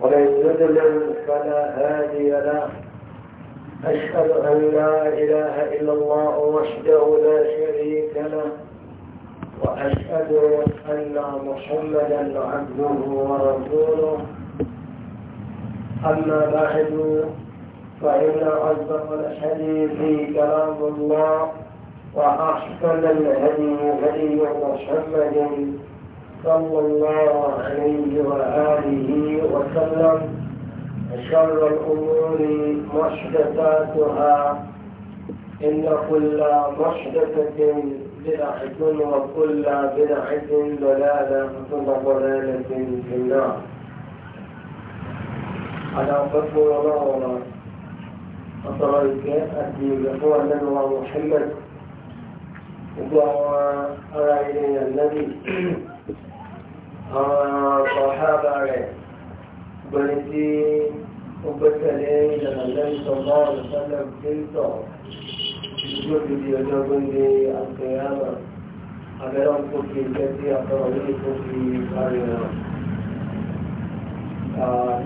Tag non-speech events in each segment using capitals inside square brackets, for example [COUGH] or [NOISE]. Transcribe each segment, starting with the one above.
ومن يضلل فلا هادي له أشهد أن لا إله إلا الله وحده لا شريك له وأشهد أن محمدا عبده ورسوله أما بعد فإن أصدق الحديث كلام الله وأحسن الهدي هدي محمد صلى الله عليه وآله وسلم شر الأمور محدثاتها إن كل محدثة بدعة وكل بدعة ضلالة وكل ضلالة في النار على قسم الله أطرائك أدي بقوة محمد وهو أرى إلينا النبي àwọn sọ̀hábà rẹ̀ gbẹ̀rẹ̀ tí ó gbẹ́kẹ̀lé ìlànà lẹ́yìn sọ̀mọ́ ọ̀sánlẹ̀ pínítọ̀ ìdúró ti di ọjọ́ gbẹ́ndé àgbẹ̀yàmà abẹ́rẹ́ ń kókè jẹ́ sí àtọ̀rọ̀ lórí kókè àríwá.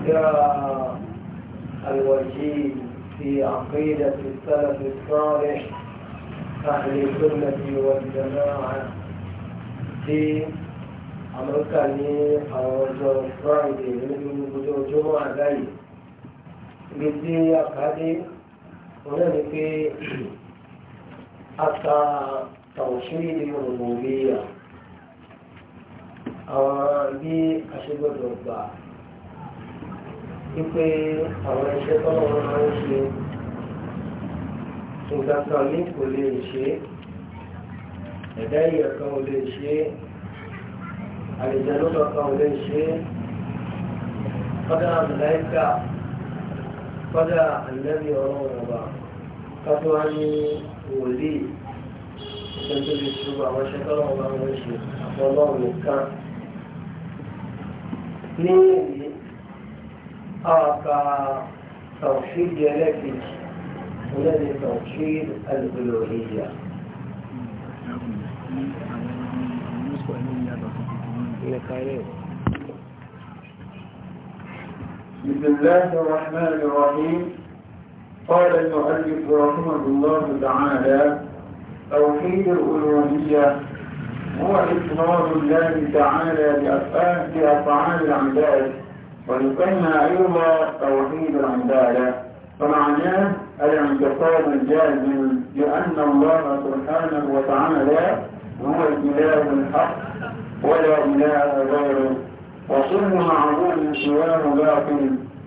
ترى الوجيه في عقيدة السلف الصالح أهل السنة والجماعة في àmọ́ ká ní àwọn ọjọ́ friday nínú gbogbo ojúmọ́ àgbáyé ibi tí àkàdé wọn náà ní pé ata tawhid rububiyyah àwọn bí aṣègbọdọ gbà wípé àwọn iṣẹ́ tọ́lọ́ wọn máa ń ṣe nǹkan kan ní kò lè ṣe ẹ̀dá ìyẹ̀kan ò lè ṣe é àlejò kan ò lè ṣe é kọ́dà àmàlẹ́kà kọ́dà àlẹ́bí ọlọ́run ọba kátó wá ní wòlíì ṣe tó lè ṣubú àwọn iṣẹ́ tọ́lọ́ ọba wọn ṣe àfọlọ́run nìkan ní èyí àwàkà tàwùsíìdì بسم الله الرحمن الرحيم قال المؤلف رحمه الله تعالى توحيد الألوهية هو إقرار الله تعالى بأفعال العباد ويسمى أيضا توحيد العبادة فمعناه الانتصاب الجازم لأن الله سبحانه وتعالى هو الإله الحق ولا إله غيره وصل معظم سواه باطل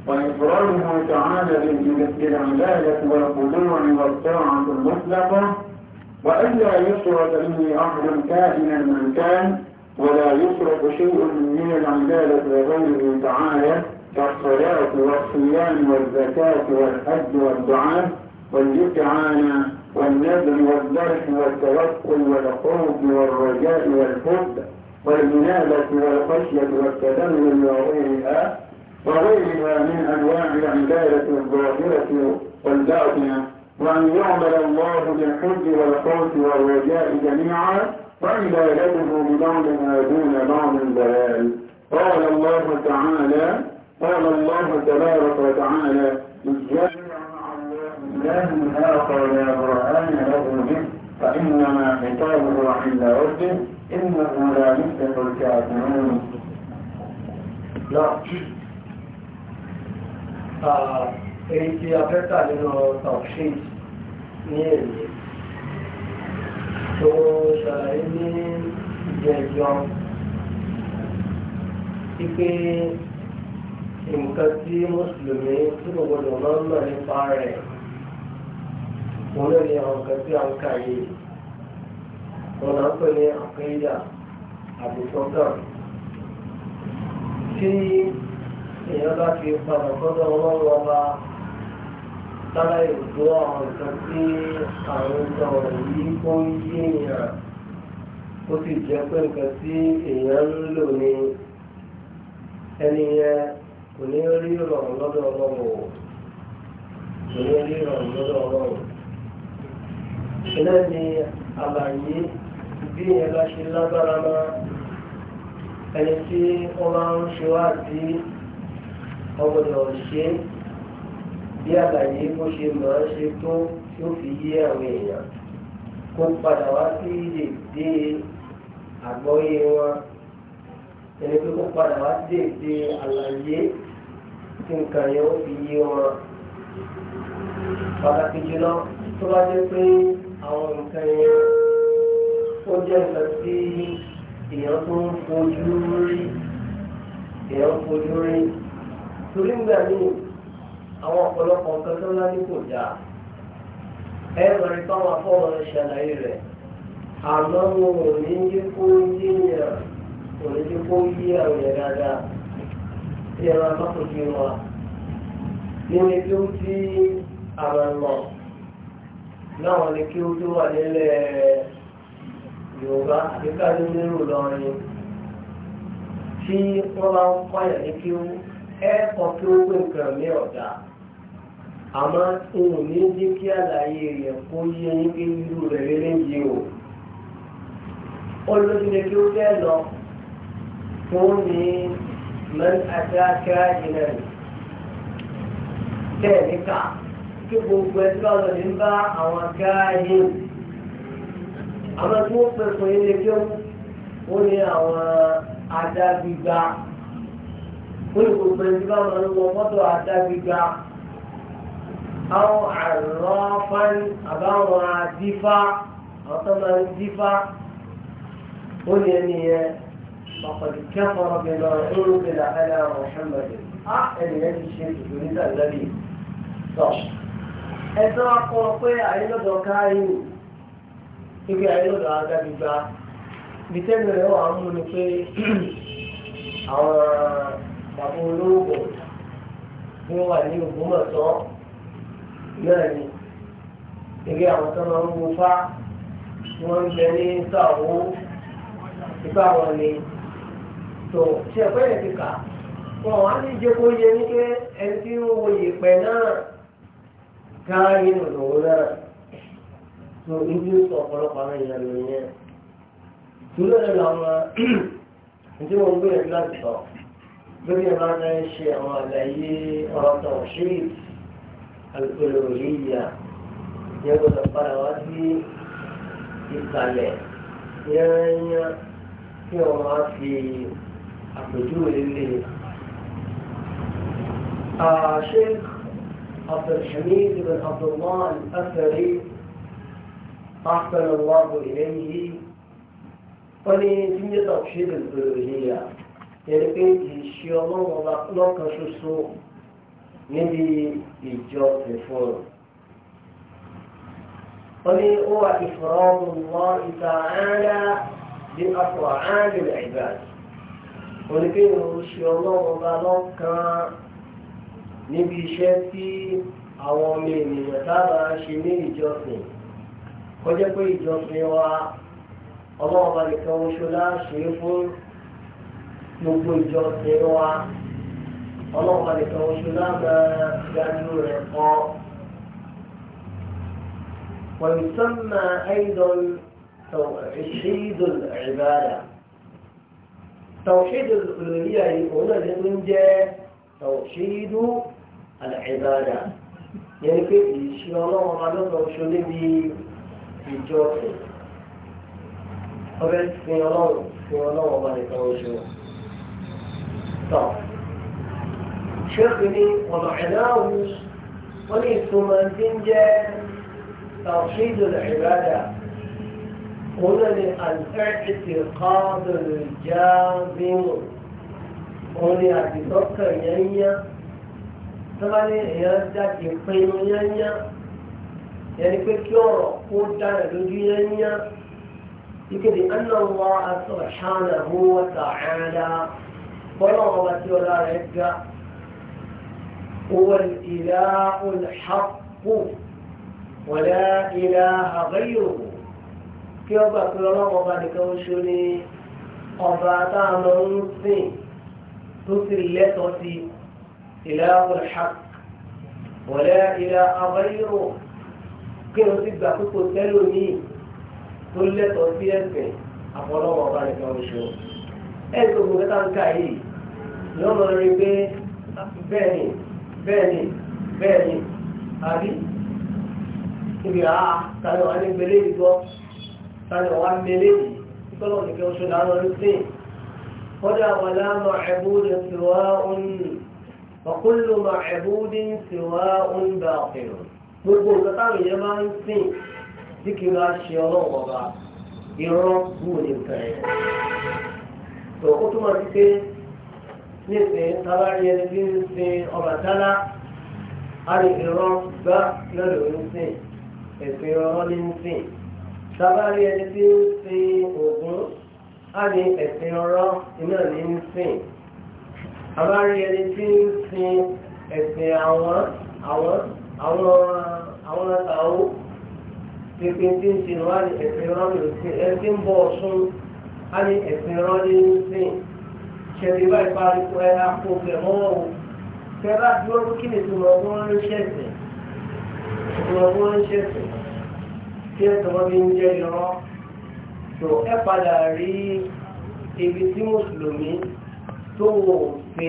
وإفراده تعالى بالعبادة والخضوع والطاعة المطلقة وألا يصرف به أحد كائنا من كان ولا يصرف شيء من العبادة لغيره تعالى كالصلاة والصيام والزكاة والحج والدعاء والاستعانة والنذر والذبح والتوكل والخوف والرجاء والحب والإنابة والخشية والتذلل وغيرها وغيرها من أنواع العبادة الظاهرة والباطنة وأن يعمل الله بالحب والخوف والرجاء جميعا وعبادته ببعضها دون بعض الضلال قال الله تعالى قال الله تبارك وتعالى الله آخر لا برهان له به فإنما حكايه عند ربه إننا نحب الكافرون لا èyí tí a fẹ́ tà nínú tafsir ní èyí tó ṣàlàyé ní ìjẹjọ wípé nǹkan tí mùsùlùmí tí kò gbọdọ̀ máa ń mọ̀ nípa rẹ̀ òun náà ni àwọn nǹkan tí a ń kà yìí wọn là ń pè ní àkéyà àbùsọ̀gàn tí èèyàn bá fi padà sọ́dọ̀ ọlọ́run ọba sára ìrùdó àwọn nǹkan tí àwọn ọ̀rọ̀ yìí kó yé èèyàn ó sì jẹ́ pé nǹkan tí èèyàn ń lò ní ẹni yẹn kò ní rí ìrọ̀rùn lọ́dọ̀ ọlọ́run o kò ní rí ìrọ̀rùn lọ́dọ̀ ọlọ́run. ìlànà àlàyé bí ìyẹn bá ṣe lágbára máa ẹni tí wọ́n máa ń ṣe wá sí ọgbọ̀dọ̀ ṣe bí àlàyé bó ṣe máa ń ṣe tó tí ó fi yé àwọn èèyàn kó padà wá sí lè dé àgbọ́yé wọn ẹni pé kó padà wá sí lè dé àlàyé tí nǹkan yẹn ó fi yé wọn pàtàkì jùlọ tó bá jẹ́ pé àwọn nǹkan yẹn ó jẹ́ nǹkan tí èèyàn tó ń fojú rí èèyàn fojú rí torí ń gbà ní àwọn ọ̀pọ̀lọpọ̀ nǹkan tó ńlá ní kò dáa ẹ lọ́rí táwọn afọ́wọ́n ṣàlàyé rẹ̀ àmọ́ wọn ò ní jẹ́ kó yéèyàn kò ní jẹ́ kó yé àwọn yẹn dáadáa tí ẹ máa mọ́tò jí wọn nínú kí ó tí àwọn ọmọ náà ni kí ó tó wà nílẹ̀ ẹ̀ yorùbá àbíká ló lérò lọrin tí wọ́n máa ń pààyàn ní kí ẹ kọ kí ó pè nǹkan ní ọ̀dà àmọ́ òun ní jẹ́ kí àlàyé rẹ̀ kó yé yín pé irú rẹ̀ rere yìí o olóṣèlú kí ó fẹ́ lọ fún ní mẹ́rin àti akẹ́rẹ́ ìjìnlẹ̀ bẹ́ẹ̀ níkà kí gbogbo ẹ̀ tí ní bá àwọn akẹ́rẹ́ yìí àwọn tí wọ́n pẹ̀sùn yìí lè kí wọ́n ní àwọn adágbígba wọ́n lè gbogbo ẹni tí bá wọn lọ mọ́tò adágbígba àwọn àrọ́fáì àbáwọn adífá àwọn tó máa ń dífá wọ́n ní ẹni yẹn pàpàdé kẹfọ́rọ́ bí lọ ẹ̀rọ bí lọ ẹ̀rọ Muhammad á ẹni yẹn ti ṣe ìgbòmítà lẹ́yìn sọ ẹ̀sọ́ akọ pé àyínlọ́dọ̀ káyìn ibi ayélujára adágbègbà ibi tẹ́lẹ̀ rẹ̀ wà ń mú ni pé àwọn bàbá olówó bí wọ́n wà ní Ògbómọ̀ṣọ́ náà ni ibi àwọn tó máa ń wo fá wọ́n ń bẹ ní sàwó ìgbà wọn ni tó ṣe ẹ̀fọ́ yẹn ti kà wọn wá ní jẹ́ yẹ ní pé ẹni tí ń wo yèpẹ̀ náà gáà nínú lòun náà. tó ibi ń sọ ọ̀pọ̀lọpọ̀ àwọn èèyàn lò yẹn tùlọ rẹ làwọn tí wọn ń gbìyànjú láti sọ lórí ẹ̀ máa ń ṣe àwọn àlàyé ọ̀rọ̀ tó ṣe al-uluhiyya yẹn gbọdọ̀ padà wá sí ìsàlẹ̀ yẹ́nyẹ́ tí wọ́n máa fi àpèjúwe lè الشيخ عبد الحميد بن عبد الله الأثري أحسن الله إليه ولتنجد توحيد الألوهية يرقي الشيء الله لك شسو نبي إجابة فور ولي هو إفراد الله تعالى بأفعال العباد ولكن الشيء الله لك نبي شتي أو من يتابع شميل جوثين ó jẹ́ pé ìjọsìn wa ọlọ́run bá nìkan oṣù láṣẹ fún gbogbo ìjọsìn wa ọlọ́run bá nìkan oṣù láṣẹ rẹ̀ kọ́. ويسمى أيضا توحيد العبادة توحيد الألوهية هنا من جاء توحيد العبادة يعني كيف يشير الله على توحيد ìjọ sìn ọbẹ̀ sin ọlọ́run sin ọlọ́run ọba nìkan oṣù tọ̀ ṣéèkì ní ọ̀nà ìdáhùn wọ́n ní ìtumọ̀ tí ń jẹ́ tàwíṣídò ìbádà òun náà ni àǹtẹ̀ẹ̀tì kọ́ọ̀dù ìjà bímù òun ni àdìsọ́kàn yẹn yẹn tọ́ba ní èèyàn jáde pinnu yẹn yẹn. yẹni pé kí ọ̀rọ̀ kó dára lójú yẹn yá ìkéde anáwó asọ̀rọ̀ ṣáná hó wọ́tà ẹ̀ẹ́dá bọ́lá wọn bá tí ọlá rẹ̀ ga owó ìlà olùhàpò wọlé ìlà àgbáyò kí ọgbà pé ọlọ́wọ́ bá nìkan oṣù ni ọba táwọn ń sìn tó sì lẹ́tọ̀ọ́ sí ìlà olùhàpò wọlé ìlà àgbáyò. kí wọ́n ti gbà púpọ̀ tẹ́lò ní tó lẹ́tọ̀ọ́ sí ẹ̀sẹ̀ àfọlọ́wọ́ ọba nìkan oṣù ẹ̀sùn ògùn mẹ́ta ń kà yìí yọ́n máa rí pé bẹ́ẹ̀ ni bẹ́ẹ̀ ni bẹ́ẹ̀ ni àbí ibi àá tani wà ní gbélé yìí gbọ́ tani wà ní gbélé yìí tọ́lọ̀ nìkan oṣù làwọn ọdún sí kọ́dà wà láàmú ẹ̀bùdì sìwá ọ̀hún ọ̀kúlùmọ̀ ẹ̀bùdì sìwá ọ̀hún bá ọ̀hún gbogbo nǹkan táwọn èèyàn máa ń sìn tí kì í máa ṣe ọlọ́run ọba irọ́ wù ní nǹkan yẹn. tó o túmọ̀ sí pé nísìnyí tábàárí ẹni tí ń sin ọba dáná a lè irọ́ gbá lọ́dọ̀ ń sìn ẹ̀sìn irọ́ ní ń sìn tábàárí ẹni tí ń sin ògún a lè ẹ̀sìn irọ́ iná ní ń sìn àbárí ẹni tí ń sin ẹ̀sìn àwọn àwọn àwọn àwọn àtàwọn pépé tí ń ṣe wá ní ẹ̀sìn rọ́ọ̀lì òsìn ẹ̀ ti ń bọ̀ ọ̀ṣun á ní ẹ̀sìn rọ́ọ̀lì òsìn ṣẹlẹ̀ báyìí parí pé àpò ìgbẹ̀mọ́ wò fẹ́rẹ́ dúró kí ni ìtumọ̀ ọgbọ́n ló ṣẹ̀sìn ìtumọ̀ ọgbọ́n ló ṣẹ̀sìn tí ẹ tọmọ bí ń jẹ́ irọ́ tó ẹ padà rí ibi tí mùsùlùmí tó wò pé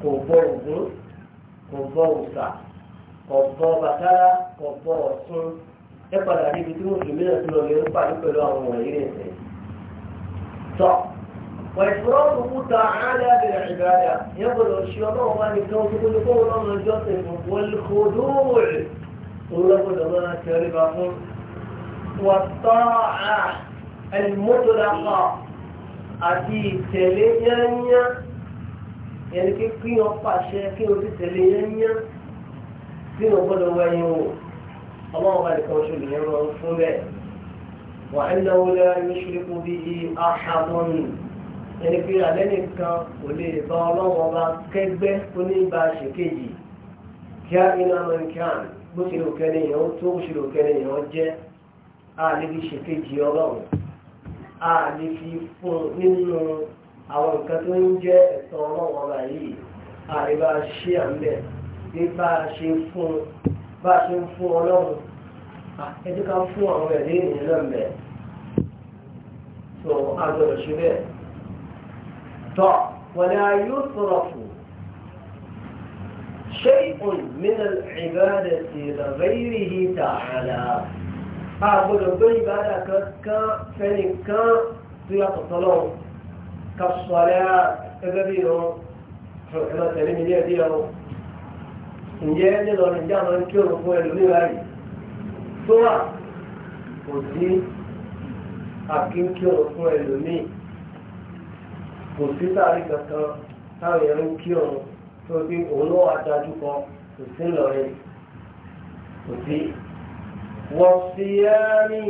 kò bọ ògún kò bọ òòṣà ọ̀bọ bàtálá ọ̀bọ ọ̀tún ẹ padà níbi tí mùsùlùmí náà ti lọ lè ń pàdé pẹ̀lú àwọn wọ̀nyí rẹ̀ sẹ́yìn. tọ́ وإفراد تعالى بالعبادة يقول الشيطان أن يكون تقول قول الله الجسد والخضوع ويقول الله كربكم والطاعة المطلقة أتي تليانيا يعني كيف يوقع شيء كيف تليانيا tí mo gbọ́dọ̀ wọ ẹyin wò ọlọ́run bá nìkan oṣù nìyẹn rọ fún bẹ́ẹ̀ wà á náwó lẹ́yà ní ṣíríkù bí i ahamọ́nù ẹni pé alẹ́ nìkan kò lè bá ọlọ́run ọba kẹgbẹ́ oníbà ṣèkejì kíá iná mọ̀nkíán bó ṣe lò kẹ́ni yẹn tó ṣe lò kẹ́ni yẹn jẹ́ a ṣèkejì ọlọ́run a fún nínú àwọn nǹkan tó ń jẹ́ ẹ̀tọ́ ọlọ́run ọba yìí a lè à ń bẹ̀rẹ̀ pé bá a ṣe fún bá a ṣe ń fún ọlọ́run ẹjẹ́ ká fún àwọn ẹ̀rí ènìyàn náà mẹ́ tó a gbọ́dọ̀ ṣe bẹ́ẹ̀ tọ́ wọlé ayé sọ̀rọ̀ fún شيء من العبادة لغيره تعالى أقول الدنيا بعد كفنك صيغة الصلاة كالصلاة إذا بيهم حكمة لمن يديهم ǹjẹ́ nílò ọ̀rìn jẹ́ àwọn tí òun fún ẹlòmí báyìí tó wà kò sí àkíńkí òun fún ẹlòmí kò sí sáré kankan táwọn èèyàn ń kí òun tó bí òun ló wà dájú kọ kò sí ńlọrin kò sí. wọ́n fi ẹ́ẹ́rì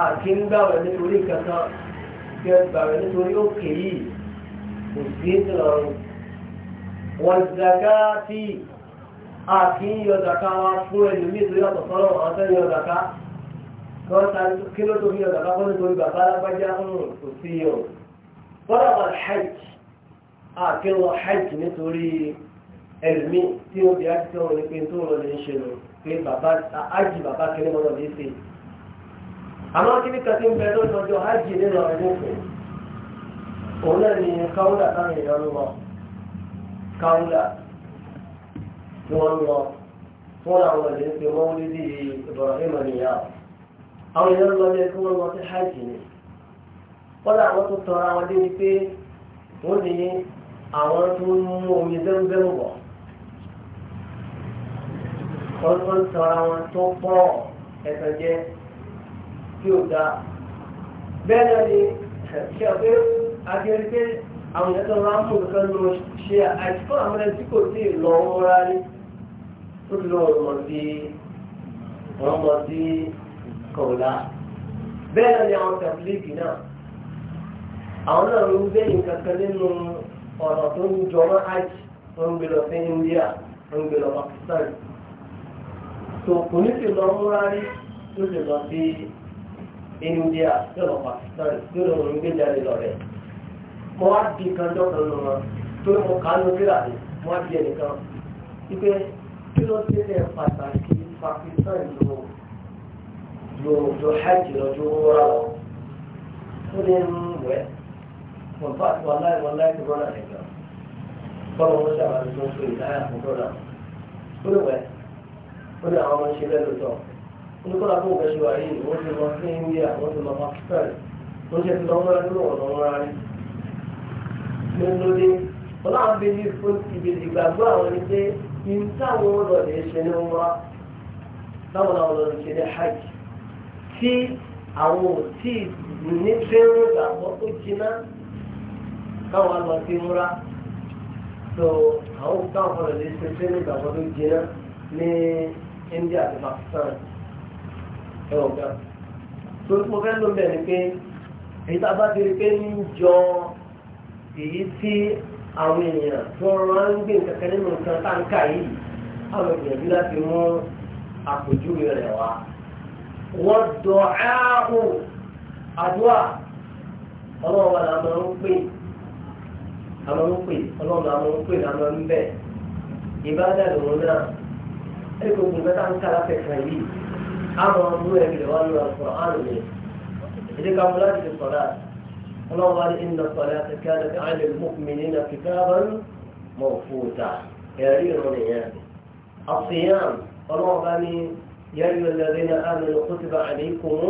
àkíngbàwẹ̀ nítorí kankan kí ẹ gbàwẹ̀ nítorí òkè yìí kò sí ńlọrin wọ́n zakati a kì í yọ zaka wa fún ẹlòmíì tó yàtọ̀ sọ́rọ̀ àwọn tó yọ zaka lọ́ta kí ló tó fi yọ zaka fún ìtòrí bàbá alágbájá ń kò sí yọ. fọ́nà wà hajj a kì í wọ hajj nítorí ẹlòmíì tí ó di hajj tó wọn ní pé tó wọn lè ń ṣe lò pé bàbá hajj bàbá kiri mọ́tò lè ṣe. àmọ́ kí ni kàtí ń bẹ lọ́jọ́ hajj nínú ọ̀rẹ́ òun náà ni káwúlà táwọn èèyàn ń lọ káwúlà tí wọ́n lọ fún àwọn ọ̀dẹ́ ń pe wọ́n lé bí Ibrahim nìyà àwọn èèyàn lọ bẹ́ẹ̀ kí ni kọ́lá àwọn tó tọrọ àwọn dé ni pé wọ́n ní àwọn tó ń mú omi zẹ́mùzẹ́mù bọ̀ wọ́n tọrọ àwọn tó pọ̀ ẹ̀sán jẹ́ tí ó ni ṣe ọ̀pẹ́ akẹ́rẹ́ pé àwọn ìyẹn tó ń rán mú nǹkan àìsíkọ́ àwọn ẹni kò sí ìlọ wọn rárá tó lọ ọmọ sí ọmọ sí kọ̀ọ̀lá bẹ́ẹ̀ náà ni àwọn tàbílẹ́ẹ̀kì náà àwọn náà ló ń gbé nǹkan kan nínú ọ̀nà tó ń jọ mọ́ hajj ń gbé sí India wọ́n ń gbé Pakistan tó kò ní sì lọ múra rí tó sì lọ sí India tó lọ Pakistan tó lọ ń gbé jáde lọ rẹ̀ mo wá di kan jọ́ kan lọ́wọ́ tó mo kà á lọ sí wá di ẹnìkan wípé kí ló tẹ́lẹ̀ pàtàkì Pakistan ló ló hajj lọ́jọ́ wúra lọ ó ní ń wẹ̀ wọ́n bá wà láì wọ́n láì tó rọ́nà nìkan bọ́lá wọn sábà ló ń pè láyà fún rọ́nà ó ní wẹ̀ ó ní àwọn ọmọ ìṣẹ̀lẹ̀ lọ́tọ̀ ó ní kọ́lá fún òkè ṣe wà yìí wọ́n ti lọ sí India wọ́n ti lọ Pakistan wọ́n ti lọ wọ́n lọ́wọ́ lọ́wọ́ rárá ní lóde ọlọ́run bí ní ìgbàgbọ́ àwọn ẹni pé nǹkan àwọn ọlọ́dẹ ṣe ní wá báwọn àwọn ọlọ́dẹ ṣe ní hajj tí àwọn ò tí ní fẹ́ràn ìgbàgbọ́ tó jiná káwọn àlọ́ ti múra tó àwọn káwọn ọlọ́dẹ ṣe fẹ́ràn ìgbàgbọ́ tó jiná ní India àti Pakistan ẹ̀ ọ̀gá tó mo fẹ́ ló bẹ̀ ni pé èyí tá a bá ti rí pé ń jọ èyí tí àwọn ènìyàn tí wọ́n máa ń gbé nǹkan kan nínú nǹkan táǹkà yìí àwọn ènìyàn bí láti mú àpèjúwe rẹ̀ wá. wọ́n dọ̀ áàrù àdúrà ọlọ́run wa làwọn máa ń pè àwọn ń pè ọlọ́run làwọn máa ń pè làwọn ń bẹ̀ ìbáradà lòun náà ẹ̀rí gbogbo nǹkan táǹkà láfẹ̀ẹ́ yìí àwọn ọmọ ẹ̀rí rẹ̀ wá lọ́wọ́ àlùkò àrùn rẹ̀ ìdíkàmúlá ti sọ̀rọ̀ àti الله قال إن الصلاة كانت على المؤمنين كتابا موقوتا يريرون يعني الصيام الله قال يا أيها الذين آمنوا كتب عليكم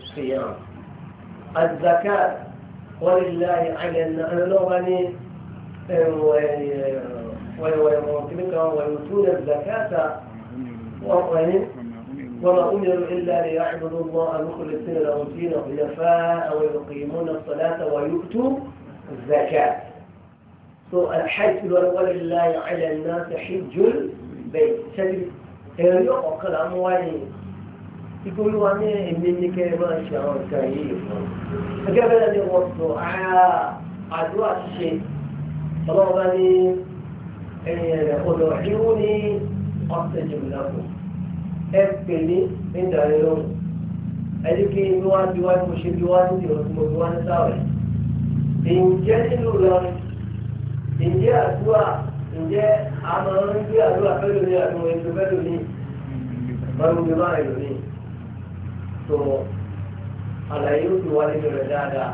الصيام الزكاة ولله على اللغة ويؤتون الزكاة وهم وما أمروا إلا ليعبدوا الله مخلصين له الدين حنفاء ويقيمون الصلاة ويؤتوا الزكاة. سو الحج ولله على الناس حج البيت. شدي هيو أقل أمواني. يقولوا أنا إني كيما شاور كريم. فقبل أن يوصوا على عدوى الشيء. طلبني أن يأخذوا عيوني أصل لكم. ẹ pè ní ìdánilóhùn ẹni kí inú wá bí wá ní mo ṣe bí wá ní ìrọ̀ tí mo bí wá ní sáwẹ̀. ǹjẹ́ nínú Ìlọrin ǹjẹ́ àdúrà ǹjẹ́ àmọ́ ń gbé àdúrà fẹ́lẹ̀ ní àdúrà ètò fẹ́lẹ̀ ní mọ́rùn-ún bá ìlú ní. tó àlàyé ó ti wá nínú rẹ̀ dáadáa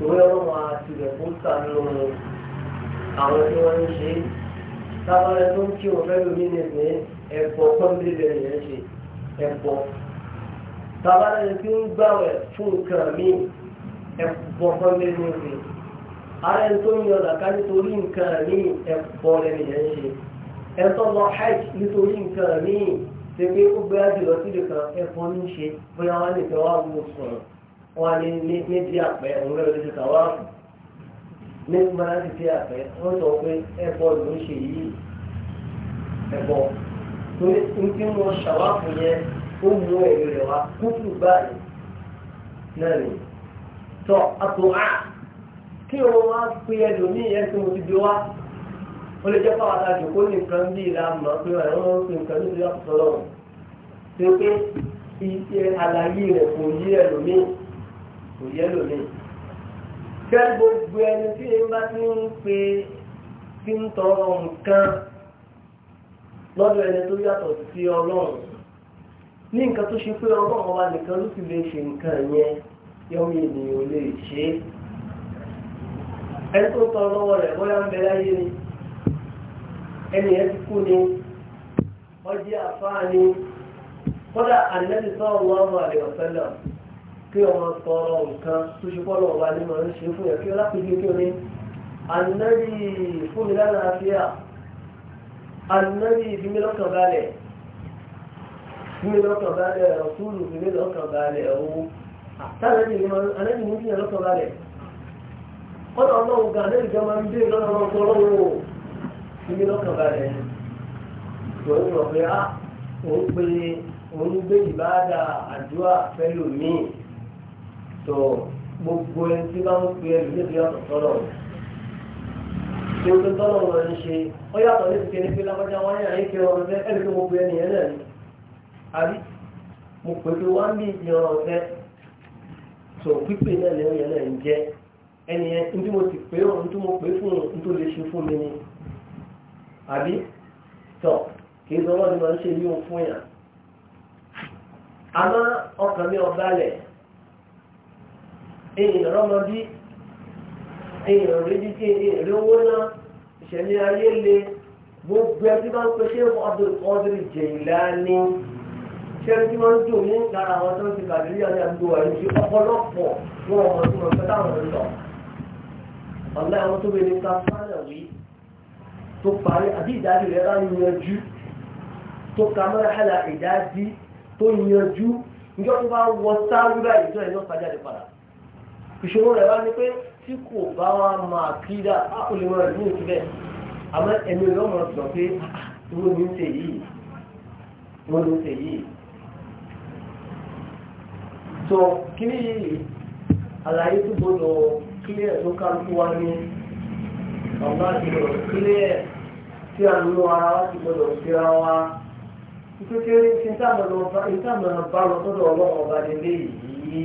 ìwé ọlọ́run àti ìrẹ̀kún sàánú àwọn tí wọ́n ń ṣe sábàlẹ̀ tó ń kí òun fẹ́lẹ̀ ní nìyẹn ẹ̀bọ̀ pọ́ńbélé bẹ̀rẹ̀ yẹn ṣe ẹ̀bọ̀ bàbá rẹ̀ tí ó ń gbàwẹ̀ fún nǹkan mi ẹ̀bọ̀ pọ́ńbélé ní oṣù ara ẹni tó ń yan ọ̀dà ká nítorí nǹkan mi ẹ̀bọ̀ rẹ̀ yẹn ṣe ẹ̀tọ́ lọ hajj nítorí nǹkan mi ṣe pé ó gbé àjùlọ síbi kan ẹ̀bọ̀ ní ṣe bóyá wọn lè fẹ́ wá wo sùn wọn ní níbi àpẹ òun lọ́wọ́ lè ṣe tàwa fún ní mọ́nà ti fi àpẹ wọ́n sọ pé ẹ̀bọ̀ ló ń ṣe yìí ẹ̀bọ̀ torí tí ń wọ ṣàwáfù yẹn ó mú ẹ̀rí rẹ̀ wá kúkú báyìí náà ni tọ́ àtúnwá o wá pé ẹlòmíì ẹ tí mo ti di wá ó lè jẹ́ fáwọn àtàjù kó nìkan bí ìlà mọ̀ pé àwọn ń pè nǹkan nítorí àkùsọ lọ́rùn tí ó pé iṣẹ́ àlàyé rẹ̀ kò yí ẹlòmíì kò yí ẹlòmíì. kẹ́ gbogbo lọ́dọ̀ ẹni tó yàtọ̀ sí ọlọ́run ní nǹkan tó ṣe pé ọlọ́run ọba nìkan ló sì lè ṣe nǹkan yẹn yọmọ ènìyàn lè ṣe é ẹni tó tọ lọ́wọ́ rẹ̀ bóyá ń bẹ láyé ni ẹni yẹn ti kú ni ọjẹ́ àfáà ni kódà ànẹ́bí sọ́ọ̀ wọn wà lè ọ̀fẹ́ náà kí ọmọ tọrọ nǹkan tó ṣe pọ́lọ̀ ọba ni màá ń ṣe fún yẹn kí ọlápẹ̀jẹ́ kí o ní ànẹ́bí fún mi lálàáfíà anábì ìfimi lọ́kàn balẹ̀ ìfimi lọ́kàn balẹ̀ ọ̀túlù ìfimi lọ́kàn balẹ̀ owó táàbí anábì ní ìfimi lọ́kàn balẹ̀ kọ́nà ọlọ́run gan anábì gan máa ń dé lọ́nà ọmọ ọkọ ọlọ́run o ìfimi lọ́kàn balẹ̀ ìwọ̀n rọ̀ pé á òun pé òun gbé ìbáàdà àdúrà pẹ̀lú mi tó gbogbo ẹni tí bá ń pè é lónìí ọ̀tọ̀ sọ́dọ̀ ṣe ń tọ́lọ̀ wọn ń ṣe ó yàtọ̀ ní ti kẹ́ni pé lápájá wáyé àyíkẹ́ ọ̀rọ̀ fẹ́ ẹ̀rí tó mo pe ẹni yẹn náà ni àbí mo pè pé wá ń bí ìdí ọ̀rọ̀ fẹ́ tó pípé náà ni ó yẹn náà ń jẹ́ ẹni yẹn ní tí mo ti pé òun tí mo pé fún òun tó lè ṣe fún mi ni àbí tọ̀ kì í sọ́wọ́ ni wọ́n ń ṣe yíò fún yàn àmọ́ ọkàn mi ọ̀bálẹ̀ èyí lọ́rọ́ bí èèyàn rí jíjí èèyàn rí owó ná ìṣẹ̀lẹ̀ ayé le gbogbo ẹ tí máa ń pe Sheikh Abdul Qadir Jailani ṣẹ́ni tí máa ń dùn ní lára àwọn tó ń ti kàdírí àti àdúgbò àyè ṣe ọ̀pọ̀lọpọ̀ wọn ọmọ tí wọn fẹ́ táwọn ń lọ. ọ̀la àwọn tó bẹ̀rẹ̀ ká fánà wí tó parí àbí ìdájú rẹ̀ bá yanjú tó ka mọ́ra ìdájí tó yanjú níjọ́ tó bá wọ sáré báyìí tó ẹ̀ lọ́ tí kò bá wá máa kídà á kò lè máa rí òkú bẹ́ẹ̀ àmọ́ ẹni rẹ̀ ọmọ sọ pé wọ́n ah, ní ah, ṣe yìí wọ́n ní ṣe yìí. tó kíní yìí àlàyé tó gbọdọ̀ kílẹ̀ tó kálukú wá ní ọ̀gá ìgbọ̀dọ̀ kílẹ̀ tí a nínú ara wá ti gbọdọ̀ síra wá nítorí kí n táàmù lọ bá lọ sọ́dọ̀ ọlọ́run ọba lélẹ́yìí.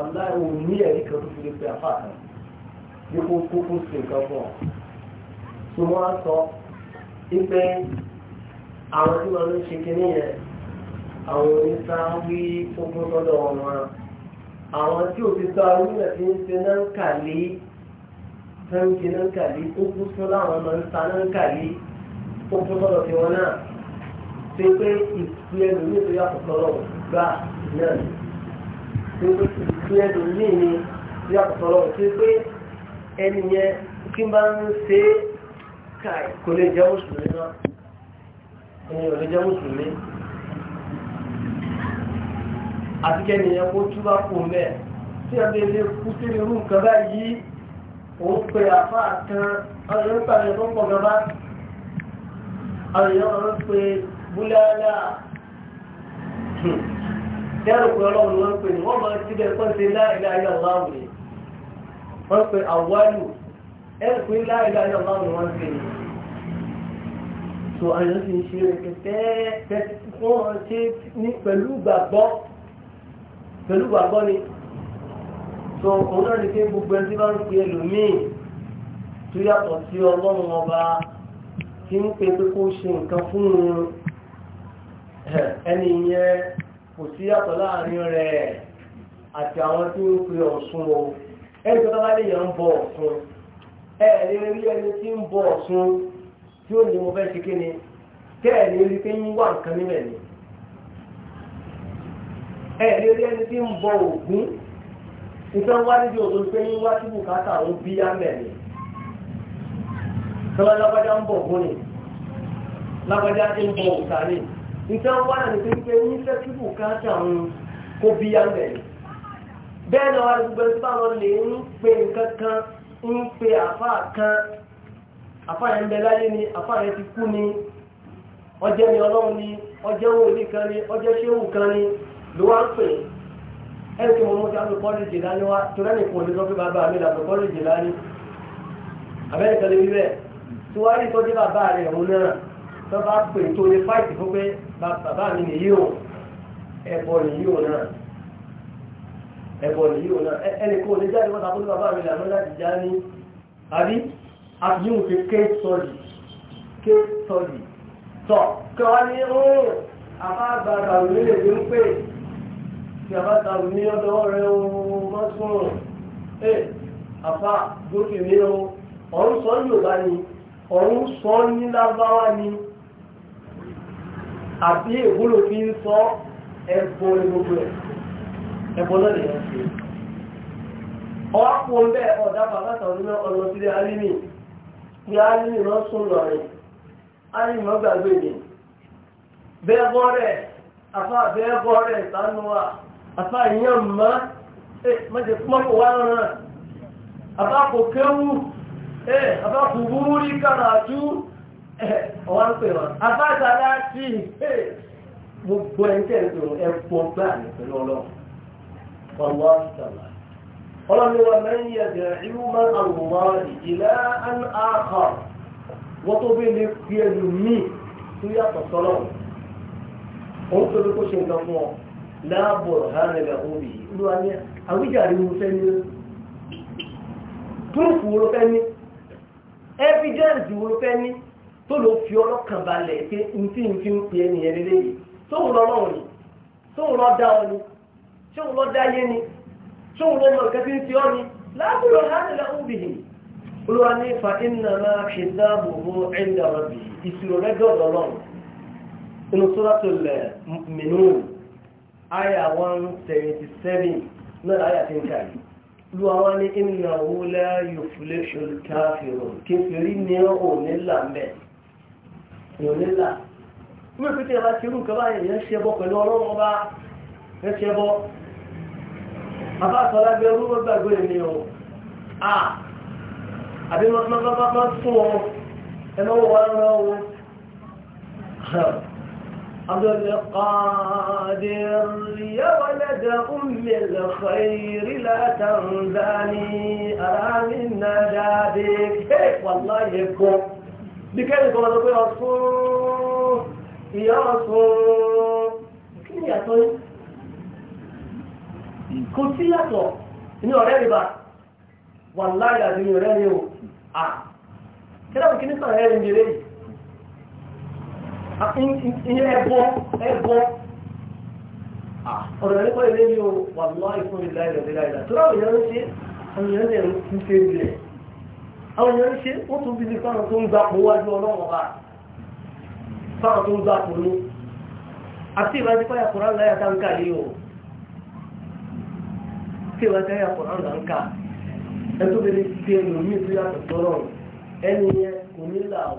ọ̀la ìwò ní ẹ̀rí kan tó fi lè pe àfà kan bí kò kó kó sí nǹkan fún ọ. tó wọ́n á sọ wípé àwọn tí wọ́n ń ṣe kínní yẹn àwọn oníṣáwí ogún tọ́dọ̀ wọn wọn àwọn tí òfin sọ arúgbó ti ń ṣe náà ń kàlí náà ń náà ń kàlí ó kú sọ láwọn máa ń ta náà ń kàlí ó kú sọ́dọ̀ tiwọn náà ṣe pé ìpínlẹ̀ lórí ìpínlẹ̀ àkọ́kọ́ lọ́wọ́ gbà náà ṣe pé ẹlòmíì ni bí àtọ̀tọ̀rọ̀ ti pé ẹni yẹn kí bá ń ṣe káì kò lè jẹ́ mùsùlùmí náà ẹni ò lè jẹ́ mùsùlùmí àti kẹ́ni yẹn kó túbá kù mẹ́ tí a bèèrè kú sí irú nǹkan báyìí òun pè àfa àtàn àwọn pàdé tó pọ̀ gaba àwọn èèyàn máa ń búláàlà dẹ́rù pé ọlọ́run wọ́n pè ní wọ́n máa ti bẹ̀ pọ́n ṣe láìlá ayé aláwọ̀ ni wọ́n pe àwálù ẹ̀rù pé láìlá ayé aláwọ̀ ni wọ́n pè ní. tó àyàn sì ń ṣe kẹtẹ́ wọ́n ṣe ní pẹ̀lú gbàgbọ́ pẹ̀lú gbàgbọ́ ni tó òun náà ni pé gbogbo ẹni tí bá ń pe ẹlòmíì tó yàtọ̀ sí ọlọ́run ọba tí ń pe pé kó ṣe nǹkan fún un ẹni yẹn kò sí yàtọ̀ láàrin rẹ̀ àti àwọn tí ó pe ọ̀ṣun o ẹni tó bá lè yàn ń bọ ọ̀ṣun ẹ lè rí ẹni tí ń bọ ọ̀ṣun tí ó ní mo fẹ́ ṣe kí ni tẹ́ ẹ̀ lè rí pé ń wà nǹkan níbẹ̀ ni ẹ lè rí ẹni tí ń bọ ògún ìtàn wá níbi òdòdó pé ń wá sí bùkátà ń bí ámẹ̀ ni tọ́lá lágbájá ń bọ ògún ni lágbájá ń bọ òkà ni nǹkan wà náà ní pé wípé ní fẹ́kíbù káàtì àwọn kó bí yá mẹ́rin bẹ́ẹ̀ náà wà ní gbogbo ẹni tí báwọn lè ń pe nǹkan kan ń pe àfáà kan àfáà yẹn bẹ láyé ni àfáà yẹn ti kú ni ọjẹ́ ni ọlọ́run ni ọjẹ́ wòlíì kan ni ọjẹ́ ṣéwù kan ni ló wá ń pè é ẹni tí mo mú sí àpòkọ́lì jìlá ni wá torí ẹni kò ní sọ bàbá mi làpòkọ́lì jìlá ni àbẹ́rẹ́ kan lè rí bẹ́ẹ̀ tí wọ́n rí tọ́jú bàbá rẹ̀ òun náà tó bá pè tó lè fáìtì fún pé bàbá mi nìyí o ẹbọ nìyí o náà ẹbọ nìyí o náà ẹnì kan ò lè jáde wọn tàbí bàbá mi làwọn láti já ní àbí àfihàn ti ké sọlì ké sọlì tọ kí wọn ní ó àbá àgbà àgbà òmìnira èdè ń pè tí a bá ta òmìnira ọ̀dọ̀ rẹ o wọn sùn ẹ àfa gòkè mi o ọ̀run sọ Yorùbá ni ọ̀run sọ ní lábáwá ni. àbí ìwúlò fi ń sọ ẹ̀bọ gbogbo ẹ̀ ẹ̀bọ náà lè ṣe ọ̀pọ̀ bẹ́ẹ̀ ọ̀dà bàbá ọ̀nà sílẹ̀ alimi ní alimi náà sùn lọ rẹ̀ alimi gbàgbé mi bẹ́ẹ̀ rẹ̀ afá bẹ́ẹ̀ rẹ̀ sánú afá ìyẹn mọ́ ọwá ń pè wọn abájáde àti gbogbo ẹ̀ńtẹ̀ ìṣòro ẹ̀pọ̀ gbà ní pẹ̀lú ọlọ́run ọlọ́ ìṣàlá ọlọ́run ni wọn mẹ́rin yẹ bẹ̀rẹ̀ irú máa ń àwòrán ìdílé àkọ́ wọ́n tó bí lè fi ẹnu mí tó yàtọ̀ sọ́lọ́ òun tó ló kó ṣe nǹkan fún ọ láàbò hánilẹ̀ òbí ìlú wa ní àwíjàre wo fẹ́ ní púrúfù wo fẹ́ ní ẹ́fídẹ́ǹsì wo fẹ́ ní tó ló fi ọlọ́kàn balẹ̀ pé ntí ntí ń pè é nìyẹn lélẹ́ yìí tó ń lọ lọ́wọ́ ni tó ń lọ dá ọ ni tó ń lọ dá yé ni tó ń lọ mọ nǹkan tí ń ti ọ ni láàbùrọ̀ láti lọ ń bìyì olúwa ní fa iná ṣe dáàbò bó ẹ̀ńdà rẹ̀ bì ìṣirò rẹ̀ dọ̀dọ̀ lọ́wọ́ inú sọ́dọ̀tò lẹ̀ mìíràn àyà one seventy seven náà àyà ti ń kà yìí olúwa wá ní ìnáwó lẹ́yìn òfúlẹ́ṣọ̀ káfíìrò kékeré ní òní làmẹ́ẹ̀ èèyàn nílà wọ́n fi tẹ́ ẹ bá ti rú nǹkan báyìí èèyàn ṣe bọ pẹ̀lú ọlọ́run ọba ẹ ṣe bọ bàbá àtọ́lágbé ọlọ́run gbàgbé ènìyàn à àbí wọ́n fún ọ ẹ máa wọ wọn lọ wọ. عبد القادر يا ولد أم الخير لا تنزاني أرى من نجابك والله يكون bí kẹ́rin kan lọ pé ọ̀sùn ìyá ọ̀sùn kí ni yàtọ̀ yìí kò sí yàtọ̀ inú ọ̀rẹ́ mi bá wà láyà ní ọ̀rẹ́ mi o à kẹ́lẹ́bù kí ní sàn ẹ̀rìn jẹ́rẹ́ yìí ẹ̀bọ ẹ̀bọ ọ̀rọ̀ ẹ̀rí kọ́ ilé mi o wà láyà fún ìlà ìrẹ̀lẹ́lẹ́ àwọn èèyàn ń ṣe ó tún bí fáwọn tó ń gbapò wájú ọlọ́wọ́ bá fáwọn tó ń gbapò ní àti ìwádìí fáyà kùrá láyà táǹkà yìí o tí ìwádìí fáyà kùrá láǹkà ẹ tó bẹ̀rẹ̀ ti ẹnu mi tó yàtọ̀ tọ́rọ̀ ẹni yẹn kò ní là ó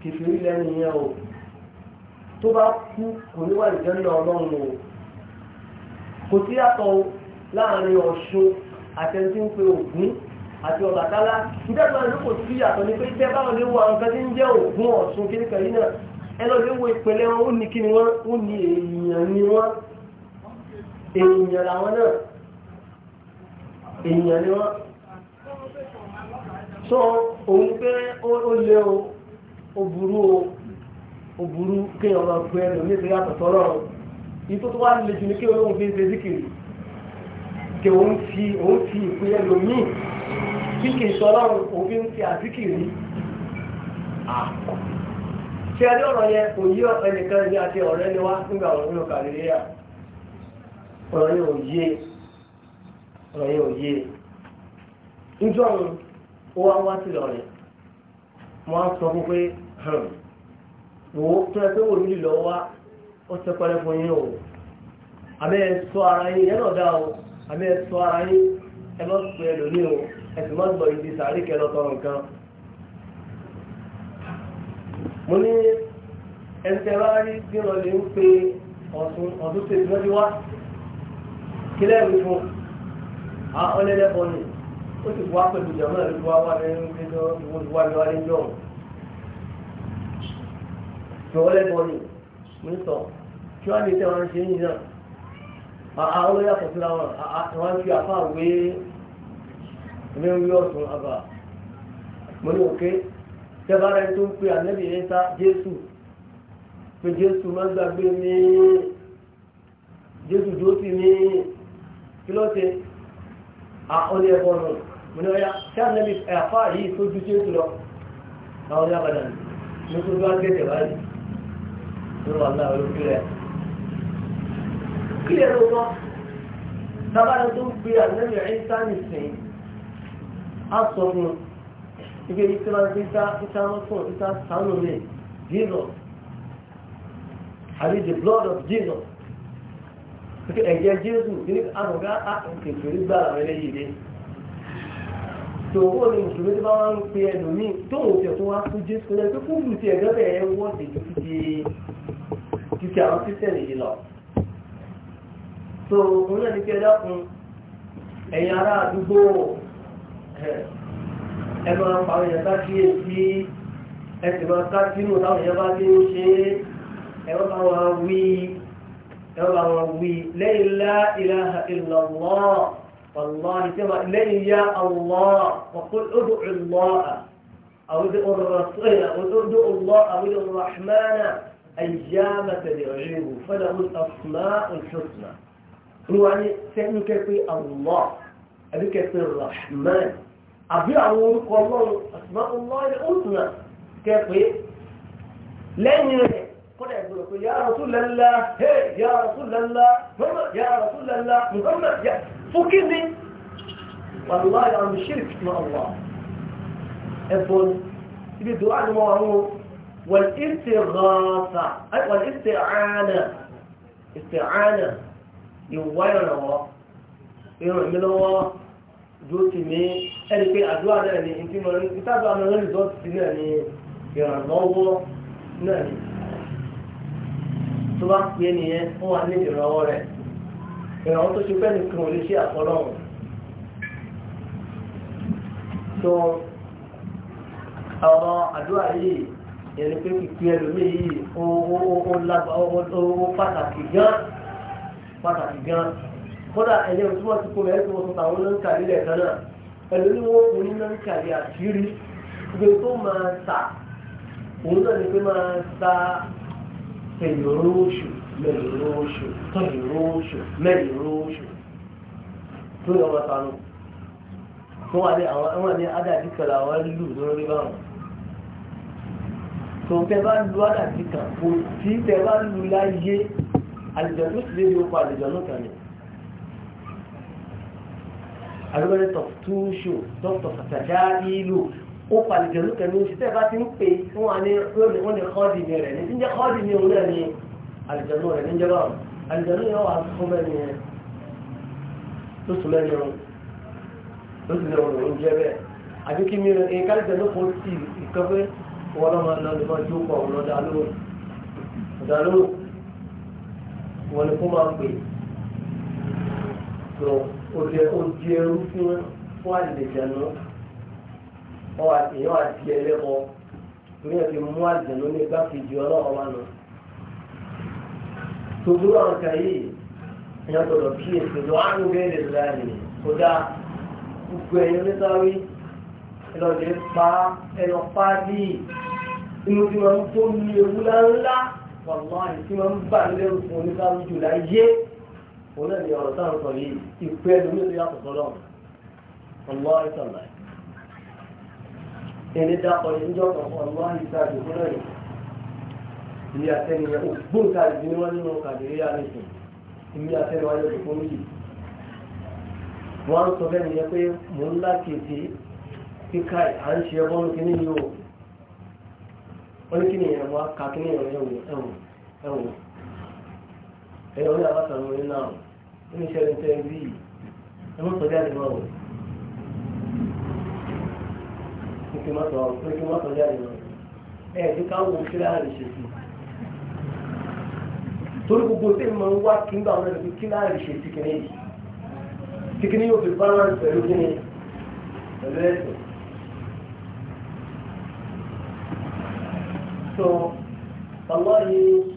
kìfìrí lẹ́nu yẹn o tó bá kú kò ní wà ìjẹ́ ńlá ọlọ́run o kò sí yàtọ̀ láàrin ọ̀ṣun àtẹ̀ntí ń pe ògún àti ọ̀bà kálá ìdẹ́gbà ló kò sí àtọ̀ ní pé tẹ́ báwọn lè wo àwọn kan tí ń jẹ́ ògùn ọ̀ṣun kí nìkan yìí náà ẹ lọ lè wo ìpínlẹ̀ wọn ó ní kí ni wọ́n ó ní èèyàn ni wọ́n èèyàn làwọn náà èèyàn ni wọ́n sọ òun pé ó lé o ó burú o ó burú kí ọmọ ọgbẹ́ ẹnu nítorí àtọ̀tọ̀ náà ìtò tó wà lè jù ní kí olóhùn fi ń ṣe síkìrì bí kì í sọlọ́run òfin ti àdíkìrí ṣe ẹni ọ̀rọ̀ yẹn kò ẹnìkan ní àti ọ̀rẹ́ ni wá nígbà ó wá wá sí wọ́n á sọ fún pé ẹ pé wò ní ṣe fún yín o àbẹ́ ẹ ara yín o ara yín ẹ ní ẹ̀sìn máa ń lọ ibi sàárì kẹlọ tọrọ nǹkan mo ní ẹnitẹ́rárí bí wọ́n lè ń pe ọ̀tún ọ̀tún tó ti lọ́dí wá kí lẹ́rìí fún ọlẹ́lẹ́bọ ni ó sì wá pẹ̀lú ìjàmọ́ ẹ̀rí wá wá ní ìwé ìwà ìwà ìjọ tó ọlẹ́bọ ni mo ń sọ kí wọ́n ní tẹ́wọ́n ṣe ń yàn àwọn olóyè àkọsílẹ̀ wọn àwọn fi àfáà wé ní orí ọ̀tún àbà mo ní òkè tẹ́bára ẹni tó ń pe ànẹ́bì ẹ̀ta jésù pé jésù máa ń gbàgbé ní jésù tó sì ní kílọ́ọ̀tì àkọlé ẹ̀kọ́ nù mo ní ọ̀yà tí ànẹ́bì ẹ̀fà yìí tó ju jésù lọ àwọn ọ̀yà padà ní mo tó bá gẹ̀ẹ́dẹ̀ báyìí ló wà láwọn olókè rẹ̀ kílẹ̀ ló sọ tẹ́bára tó ń pe ànẹ́bì ẹ̀ta nìsín. á sọ fún ibi ìṣẹ́ máa ń fi ìta ìta lọ́fún ìta the blood of Jesus pé ẹ̀jẹ̀ Jésù ní àgbọ̀gá àkèkèrè gbà rẹ̀ lẹ́yìn dé tó ni mùsùlùmí tí bá pe ẹlòmíì tó òun tẹ̀ tó wá fún Jésù lẹ́yìn ti ẹ̀gbẹ́ bẹ̀rẹ̀ wọ́ọ̀dì títí títí àwọn kírísítẹ̀nì yìí lọ tó òun náà ní kí ẹ ẹ máa pàwọn èèyàn sákíyèsí ẹ sì máa ká sínú táwọn èèyàn bá ti ń ṣe ẹ wọ́n bá wọn wí ẹ wọ́n bá wọn wí lẹ́yìn la ilaha illallah والله كما إلي يا الله وقل ادعوا الله أو ادعوا الرسول أو ادعوا الله أو ادعوا الرحمن أيام تدعوه فله الأسماء الحسنى هو يعني سيدنا كيف الله أبي كيف الرحمن àbí àwọn orúkọ ọlọ́run àtìmọ́ ọlọ́run ó tún náà kẹ pé lẹ́yìn rẹ̀ kọ́dà ìgbọ̀rọ̀ pé yàrá tó lẹ́lá yàrá tó lẹ́lá yàrá tó lẹ́lá nǹkan náà yà fún kí ni wàlúwàá yàrá mi ṣírí fìtìmọ́ ọ̀wà ẹ̀bọ̀ ibi dùn á ní wọn àwọn wàlìsìgáàtà dúró tì ní ẹni pé àdúrà náà ni ìdí mọ̀ ní ìtàdúrà náà lórí ìdọ́tì náà ni ìrànlọ́wọ́ náà ni tó bá pè é nìyẹn fún wa ní ìrànwọ́ rẹ̀ ìrànwọ́ tó ṣe fẹ́ nìkan ò lè ṣe àfọlọ́run tó ọ̀rọ̀ àdúrà yìí yẹni pé kìkì ẹlòmí yìí ó pàtàkì gan pàtàkì gan kódà ẹ̀yẹ tí wọ́n ti kó rẹ̀ tí wọ́n tún àwọn lọ́nkàrí rẹ̀ kan náà ẹ̀lú ni wọ́n kò ní lọ́nkàrí àṣírí gbé tó máa ta òun náà ni pé máa ta tẹ̀yìnróṣù mẹ́yìnróṣù tẹ̀yìnróṣù mẹ́yìnróṣù tó yọ ọmọ sanu tó wà ní àwọn ẹ̀wọ̀n ní adàdí kan làwọn lù lórí báwọn tó tẹ bá lu adàdí kan kò tí tẹ bá lu láyé àlùjọ tó sì lé ní ó pa àlùjọ náà kan ni alúgbẹ́ni tọ̀túnṣù dr fàtàdá ìlú ó pàlìjẹ̀lú kẹ́nu ṣiṣẹ́ bá ti ń pè tí wọ́n ní lónìí wọ́n ní kọ́ọ̀dì ní rẹ̀ ní tí ń jẹ́ kọ́ọ̀dì ní òun náà ní àlìjẹ̀lú rẹ̀ ní ń jẹ́ báwọn àlìjẹ̀lú yẹn wà fún bẹ́ẹ̀ ni tó sùn òdi ẹrú fún fún àlejànú èèyàn àti ẹlẹ́kọ ní ẹ̀sìn mú àlejànú ní igbákejì ọlọ́run wa nù. tòbú àwọn kan yìí èèyàn gbọdọ̀ kí èsì lọ á ń gbé èdè láàyè kódà gbogbo ẹ̀yìn onísáré ẹlọ́dẹ pa ẹlọ́ pa dí inú tí wọ́n ń tó ní ewu ńláńlá wàlúwàá tí wọ́n ń bà lẹ́rù fún onísáré jù láyé òun náà ni ọ̀rọ̀ tá à ń sọ yìí ìpè ẹlòmíì tó yàtọ̀ sọ́dọ̀ ọ̀lọ́ ìsọ̀lá ẹni dákọ̀ ní ìjọ kan fún ọ̀lọ́ ìsàdì fún ẹ̀rọ ìlú àtẹnìyàn ògbóǹkàdì ní wọ́n nínú kàdìrí àlejò ìlú àtẹnìyàn wáyé òkú méjì wọ́n ń sọ bẹ́ẹ̀ nìyẹn pé mò ń lákèéjì kíkà à ń ṣe ẹbọ́n kí nìyí o wọ́n ní kí nìyẹn wọ́n á ka kí nìyẹn ẹ̀wọ̀n ẹ̀wọ̀n ní abátanú ní náà ní ìṣẹ̀lẹ̀ ìṣẹ̀lẹ̀ bí ẹ mọ́ sọ́jà lè máa wò ní kí n má sọ pé kí n má sọ́jà lè máa wò ẹ ẹ̀ díkà wò kí láàrin ṣe sí torí gbogbo tí mo ń wá kí n bá wọn lè kí láàrin ṣe sí kìnìyàn tí yóò fi bá wọn pẹ̀lú kìnìyàn pẹ̀lú ẹ̀sìn. so wàlláhi.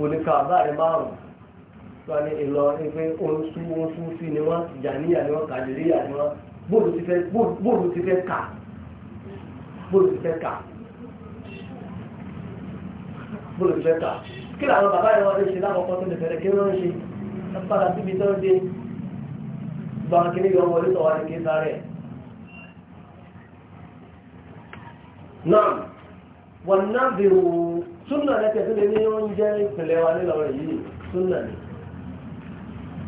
oníkà bá rẹ márùn wọn ni ìlọ ẹgbẹ oṣù oṣù sí ni wọn jàníyà ni wọn kàdìríyà ni wọn bóòlù ti fẹ bóòlù ti fẹ kà bóòlù ti fẹ kà bóòlù ti fẹ kà kí làwọn bàbá yẹn wọn lè ṣe lákòókò tó lè fẹrẹ kí wọn ṣe padà síbi tó ń dé gbọ́n kí ní yọ wọlé tọ̀wà ní kí sáré náà wọ́n náà bèèrè súnà lẹ́tẹ̀ tó lè ní oúnjẹ ìpìlẹ̀ wa nílọrin yìí súnà ni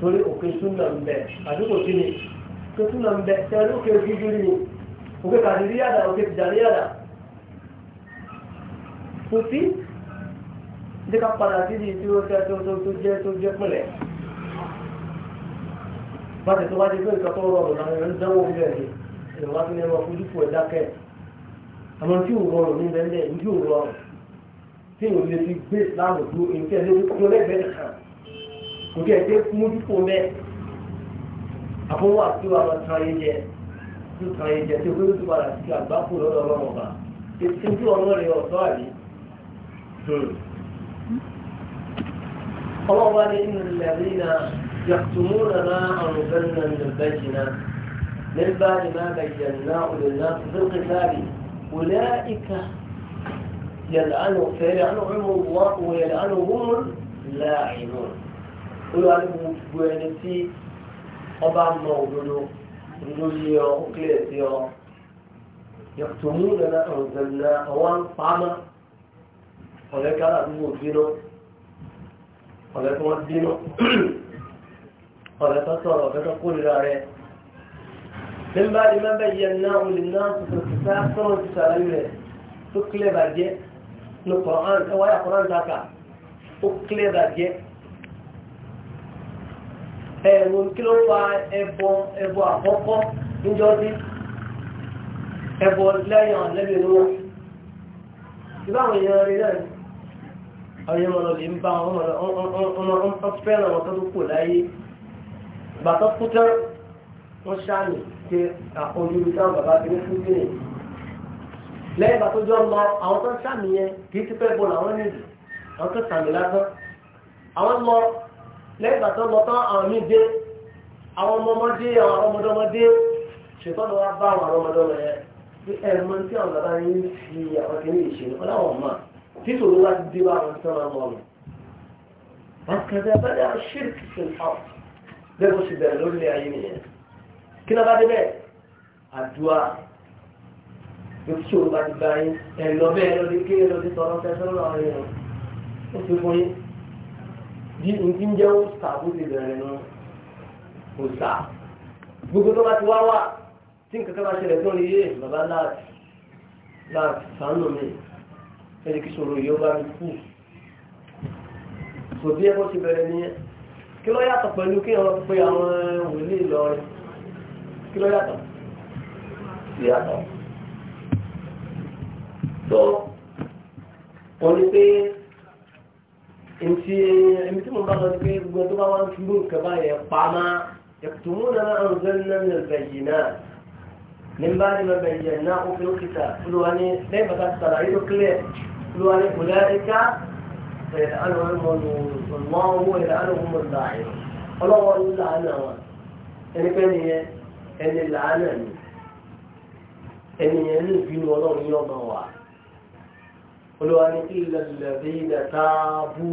torí òkè súnà ń bẹ àdúgbò kí ni òkè súnà ń bẹ tẹ̀lé òkè gígírí ni òkè kàdírí yàdà òkè tìjàrí yàdà kò sí jẹ́ ká padà sí ibi tí ó tẹ́ tó tó jẹ́ tó jẹ́ pìlẹ̀ báṣẹ tó bá jẹ́ pé nǹkan tó rọrùn láwọn ń dánwò ń bẹ̀rẹ̀ ìrọ̀lá tó ní ẹ̀rọ fojú fò ẹ̀dá kẹ́ àmọ́ tí ò rọrùn ní bẹ́ẹ̀ ní tí ò rọrùn tí ò lè fi gbé láàrùn tó nǹkẹ́ ló tó lẹ́gbẹ̀ẹ́ nìkan kò kí ẹ pé mójútó mẹ́ àfọwọ́ àti àwọn tan yé jẹ tó tan yé jẹ tó kó tó padà sí àgbákò lọ́dọ̀ ọlọ́run ọba ètò ojú ọ̀nà rẹ̀ ọ̀tọ́ àbí. Hmm. ọlọ́run bá ní inú ilẹ̀ rí na يكتمون ما أنزلنا من البينة من بعد ما بيناه للناس في القتال أولئك يلعنه فيلعنهم الله ويلعنهم اللاعنون قلوا على بوانتي ọba mọ òdodo lórí ọ kílẹ̀ sí ọ yàtọ̀mú nana ọ̀zẹ̀lẹ̀ ọwọ́ ń pamọ́ ọ̀lẹ́ka àdúgbò bínú ọ̀lẹ́ka wọn bínú ọ̀lẹ́ka sọ̀rọ̀ ọ̀lẹ́ka kórìíra rẹ̀ nígbà tí wọ́n bẹ̀ yẹ náà olè náà tuntun ti sá sọ́run ti sàlẹ̀ rẹ̀ tó kílẹ̀ bàjẹ́ ní Quran ẹwà e yà Quran zaka ó kílẹ̀ bàjẹ́ ẹ̀rùn kí ló fa ẹbọ ẹbọ àkọ́kọ́ níjọ́ sí ẹbọ lẹ́yìn ọ̀lẹ́bí ni wọ́n ìbáwọn èèyàn rí náà àwọn èèyàn lọ lè ń bá wọn ọmọ fẹ́ràn wọn tó tó kù láyé bàtà kúta wọ́n ṣáàmì ṣe àkọjú ìtàn bàbá fi ní fún kíni lẹ́yìn bàtà ojú ọmọ àwọn tó ń ṣáàmì yẹn kì í ti pẹ́ bọ́ọ̀lù àwọn níbi àwọn tó sàmì lásán àwọn lọ lẹ́gbàá tó lọ tán àwọn míì dé àwọn ọmọdé àwọn ọmọdọ́mọdé ṣètọ́nù wa bá àwọn ọmọdọ́mọ yẹn pé ẹ mọ tí àwọn bàbá yín fi àwọn kìíní ìṣe ọláwọ̀n mọ̀ tí tòun wá ti dé bá àwọn tó máa mọ̀ ọ̀nà. àkàndá abẹ́rẹ́ àṣírìkì sí ọ̀hún bẹ́ẹ̀ bó ṣe bẹ̀rẹ̀ lórílẹ̀ ayé nìyẹn kí ni bá dé bẹ́ẹ̀ àdúrà tí o bá ti gba yín ẹ lọ bẹ́ẹ̀ lọ sí kéèrè lọ sí tọ́lọ́ tẹ́sán lọ rẹ̀ o ó ti fún yín bí n ti ń jẹ́ òòsà bó ti bẹ̀rẹ̀ nù òòsà gbogbo tó bá ti wá wà tí nǹkan kan bá ṣẹlẹ̀ tó ń yé bàbá láàtì láàtì sànù mi ẹni kí sọ̀rọ̀ yìí ó bá mi kú kò bí ẹbọ ti bẹ̀rẹ̀ nìyẹn kí ló yàtọ̀ pẹ̀lú kí wọ́n pe àwọn wòlíì lọ kí ló yàtọ̀ yàtọ̀ tó wọ́n ní pé ntí ẹni tí mo bá lọ sí pé gbogbo tó bá wá ń fi mú nǹkan báyẹn pamá يكتمون ما أنزلنا من البينات من بعد ما بيناه في الكتاب فلواني ليه بقى تلعيد كليه فلواني أولئك فيلعنهم الله هو يلعنهم الداعين الله هو اللعنة يعني كان هي أن اللعنة أن يلعنهم في الله يوم واحد olúwa ní ilẹ̀ lẹ́bí ilẹ̀ táàbù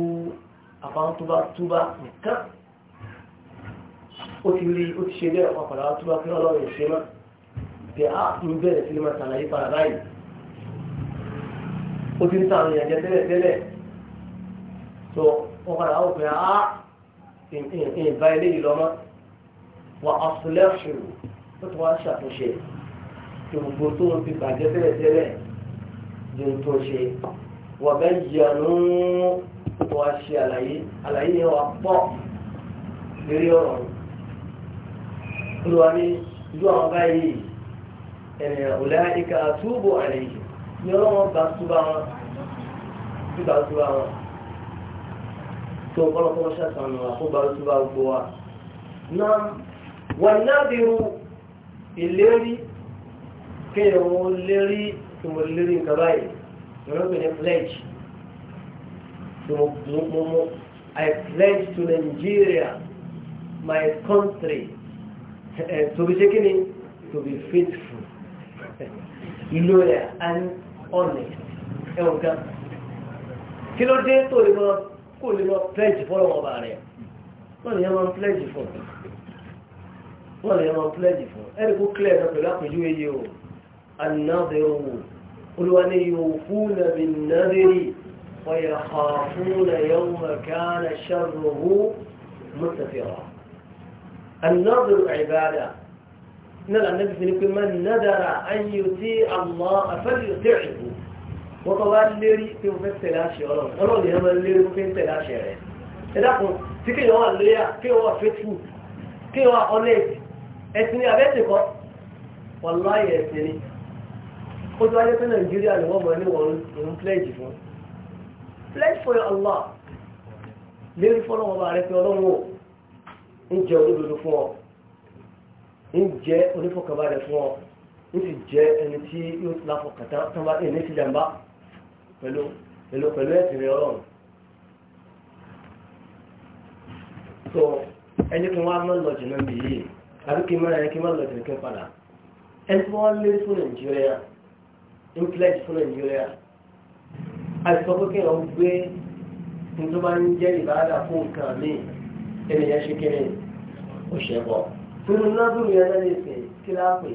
àfáwọn túbá túbá nìkan ó ti rí ó ti ṣe bẹ́ẹ̀ wọn padà túbá kí ọlọ́run ṣe mọ́ bí a ń bẹ̀rẹ̀ sí ní máa ṣàlàyé padà báyìí ó ti ń sàrùn ìyànjẹ tẹ́lẹ̀ tẹ́lẹ̀ tó wọn padà ó pè á ìbá eléyìí lọ́mọ́ wà á fúlẹ́ṣù ó ti wá ṣàtúnṣe gbogbo tó ń fi bàjẹ́ tẹ́lẹ̀ tẹ́lẹ̀ ju tó ṣe wọ́n bẹ́ jẹ̀nú wọ́n ṣe àlàyé àlàyé yẹn wà pọ̀ lórí ọ̀rọ̀ olùwà ní ìlú àwọn báyìí ẹ̀rìn ọ̀lẹ́ ìka àtúbọ̀ àlejò ní ọlọ́wọ́n bá túbà wọn túbà túbà wọn tó ọlọ́kọ́ ṣàtànù àkóbá túbà gbogbo wa náà wọ́n náà bí irú ìlérí kéèyàn lérí tí mo lérí nǹkan báyìí wọ́n ní pledge tí mo mo mo I pledge to Nigeria my country eh, to be ṣe kí to be faithful loyal and honest ẹ̀wọ̀n kan kí ló dé tó lè mọ kó lè mọ pledge fọ́lọ́wọ́ bá rẹ̀ wọ́n lè yẹ máa pledge fún wọ́n lè yẹ máa pledge fún ẹ̀rí kó clear náà pẹ̀lú àpèjúwe yìí o àná bẹ̀rù wò olúwa ní yòókùn nàbì nàbìrì ọ̀yà kàfún yóò mọ̀kánà ṣàrùhù عبادة نرى النبي في من نذر أن يطيع الله فليطعه وطبعا ليري في مفسر الأشياء أنا اللي هم ليري في مفسر إذا كنت تكي هو اللي كي هو فتفو كي هو honest ẹ̀sìn ni àbẹ́sìn kọ́ ó tó wáyé pé nàìjíríà ni wọ́n mọ̀ ní wọ́n ń pledge fún pledge for your Allah lérí fọ́lọ́wọ́ bá rẹ pé ọlọ́run ò ń jẹ olódodo fún ọ ń jẹ onífọkànbalẹ̀ fún ọ ń sì jẹ ẹni tí yóò láfọkàtà tó bá ní ti jàmbá pẹ̀lú pẹ̀lú pẹ̀lú ẹ̀sìn rẹ ọlọ́run. so ẹni kí wọ́n á máa lọ jìnnà bìí àbí kí n máa yẹ kí n máa lọ jìnnà kí n padà ẹni tí wọ́n lérí fún nàìjíríà included fún nàìjíríà àti sọ pé kéèyàn gbé ní tó bá ń jẹ́ ìbáradà fún nǹkan míì ènìyàn ṣe kéré òṣèbọ̀ nínú nábùrù yẹn náà lè sè kí lápè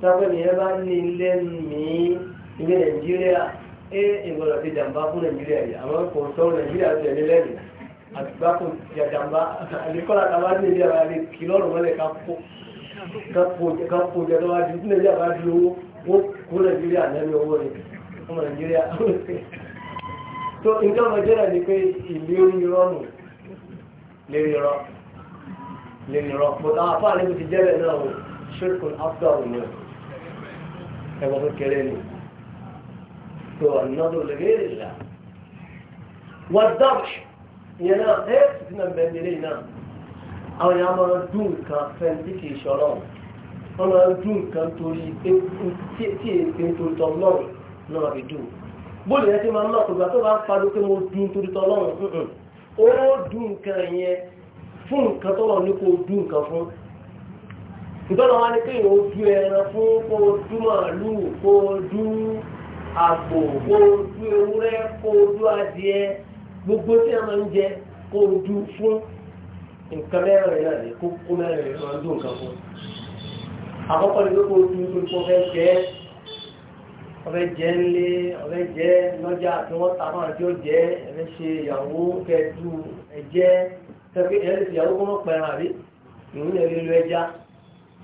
sábẹ́ nìyẹn bá ní lẹ́nu mìí ilé nàìjíríà é ìgbọ̀dọ̀ ti jàǹbá fún nàìjíríà yìí àwọn kò sọ̀rọ̀ nàìjíríà tó ẹni lẹ́nu àtìgbà kò ti jàǹbá àdìkọ́lá tàbá ní ìdí àbáyé kìlọ́ọ̀rù mọ́lẹ̀ ká kó jẹ́ tó wá di kó nàìjíríà lẹ́nu owó rẹ̀ ọmọ nàìjíríà tó ìjọ nàìjíríà ni pé ìlérí rọrùn lérí rọ pọ̀tà àfáà níbi ti jẹ́ náà o ṣírkùn áfíà òun ni tó kéré ni tó ọ̀nàdó lẹ́gẹ́rẹ́ ìlà wọ́n dábùsù wọ́n máa ń dún nǹkan torí pé tí èké torí tọ́ lọ́rùn náà máa fi dùn bóòlù yẹn ti máa ń lọ kògbà tó bá ń pariwo pé mo dún torí tọ́ lọ́rùn ó dún nǹkan yẹn fún nǹkan tó lọ ní kó dún nǹkan fún ìtọ́nà wa ni kéèyàn ó dún ẹran fún kó dún màálùú kó dún àgbò kó dún ewúrẹ́ kó dún adìẹ gbogbo tí a máa ń jẹ kó dún fún nǹkan mẹ́rin náà ni kó mẹ́rin náà dún nǹkan fún àkọ́kọ́ ni gbogbo ojú gbogbo ọ̀fẹ́ jẹ́ ọ̀fẹ́ jẹ́ ńlé ọ̀fẹ́ jẹ́ lọ́jà tí wọ́n ta máa jọ jẹ́ ẹ̀fẹ́ ṣe ìyàwó kẹjú ẹ̀jẹ́ tẹ́fẹ́ ẹ̀rẹ́ ti ìyàwó kọ́mọ́ pẹ̀ràn àbí ìhun ní ẹ̀lẹ́lu ẹja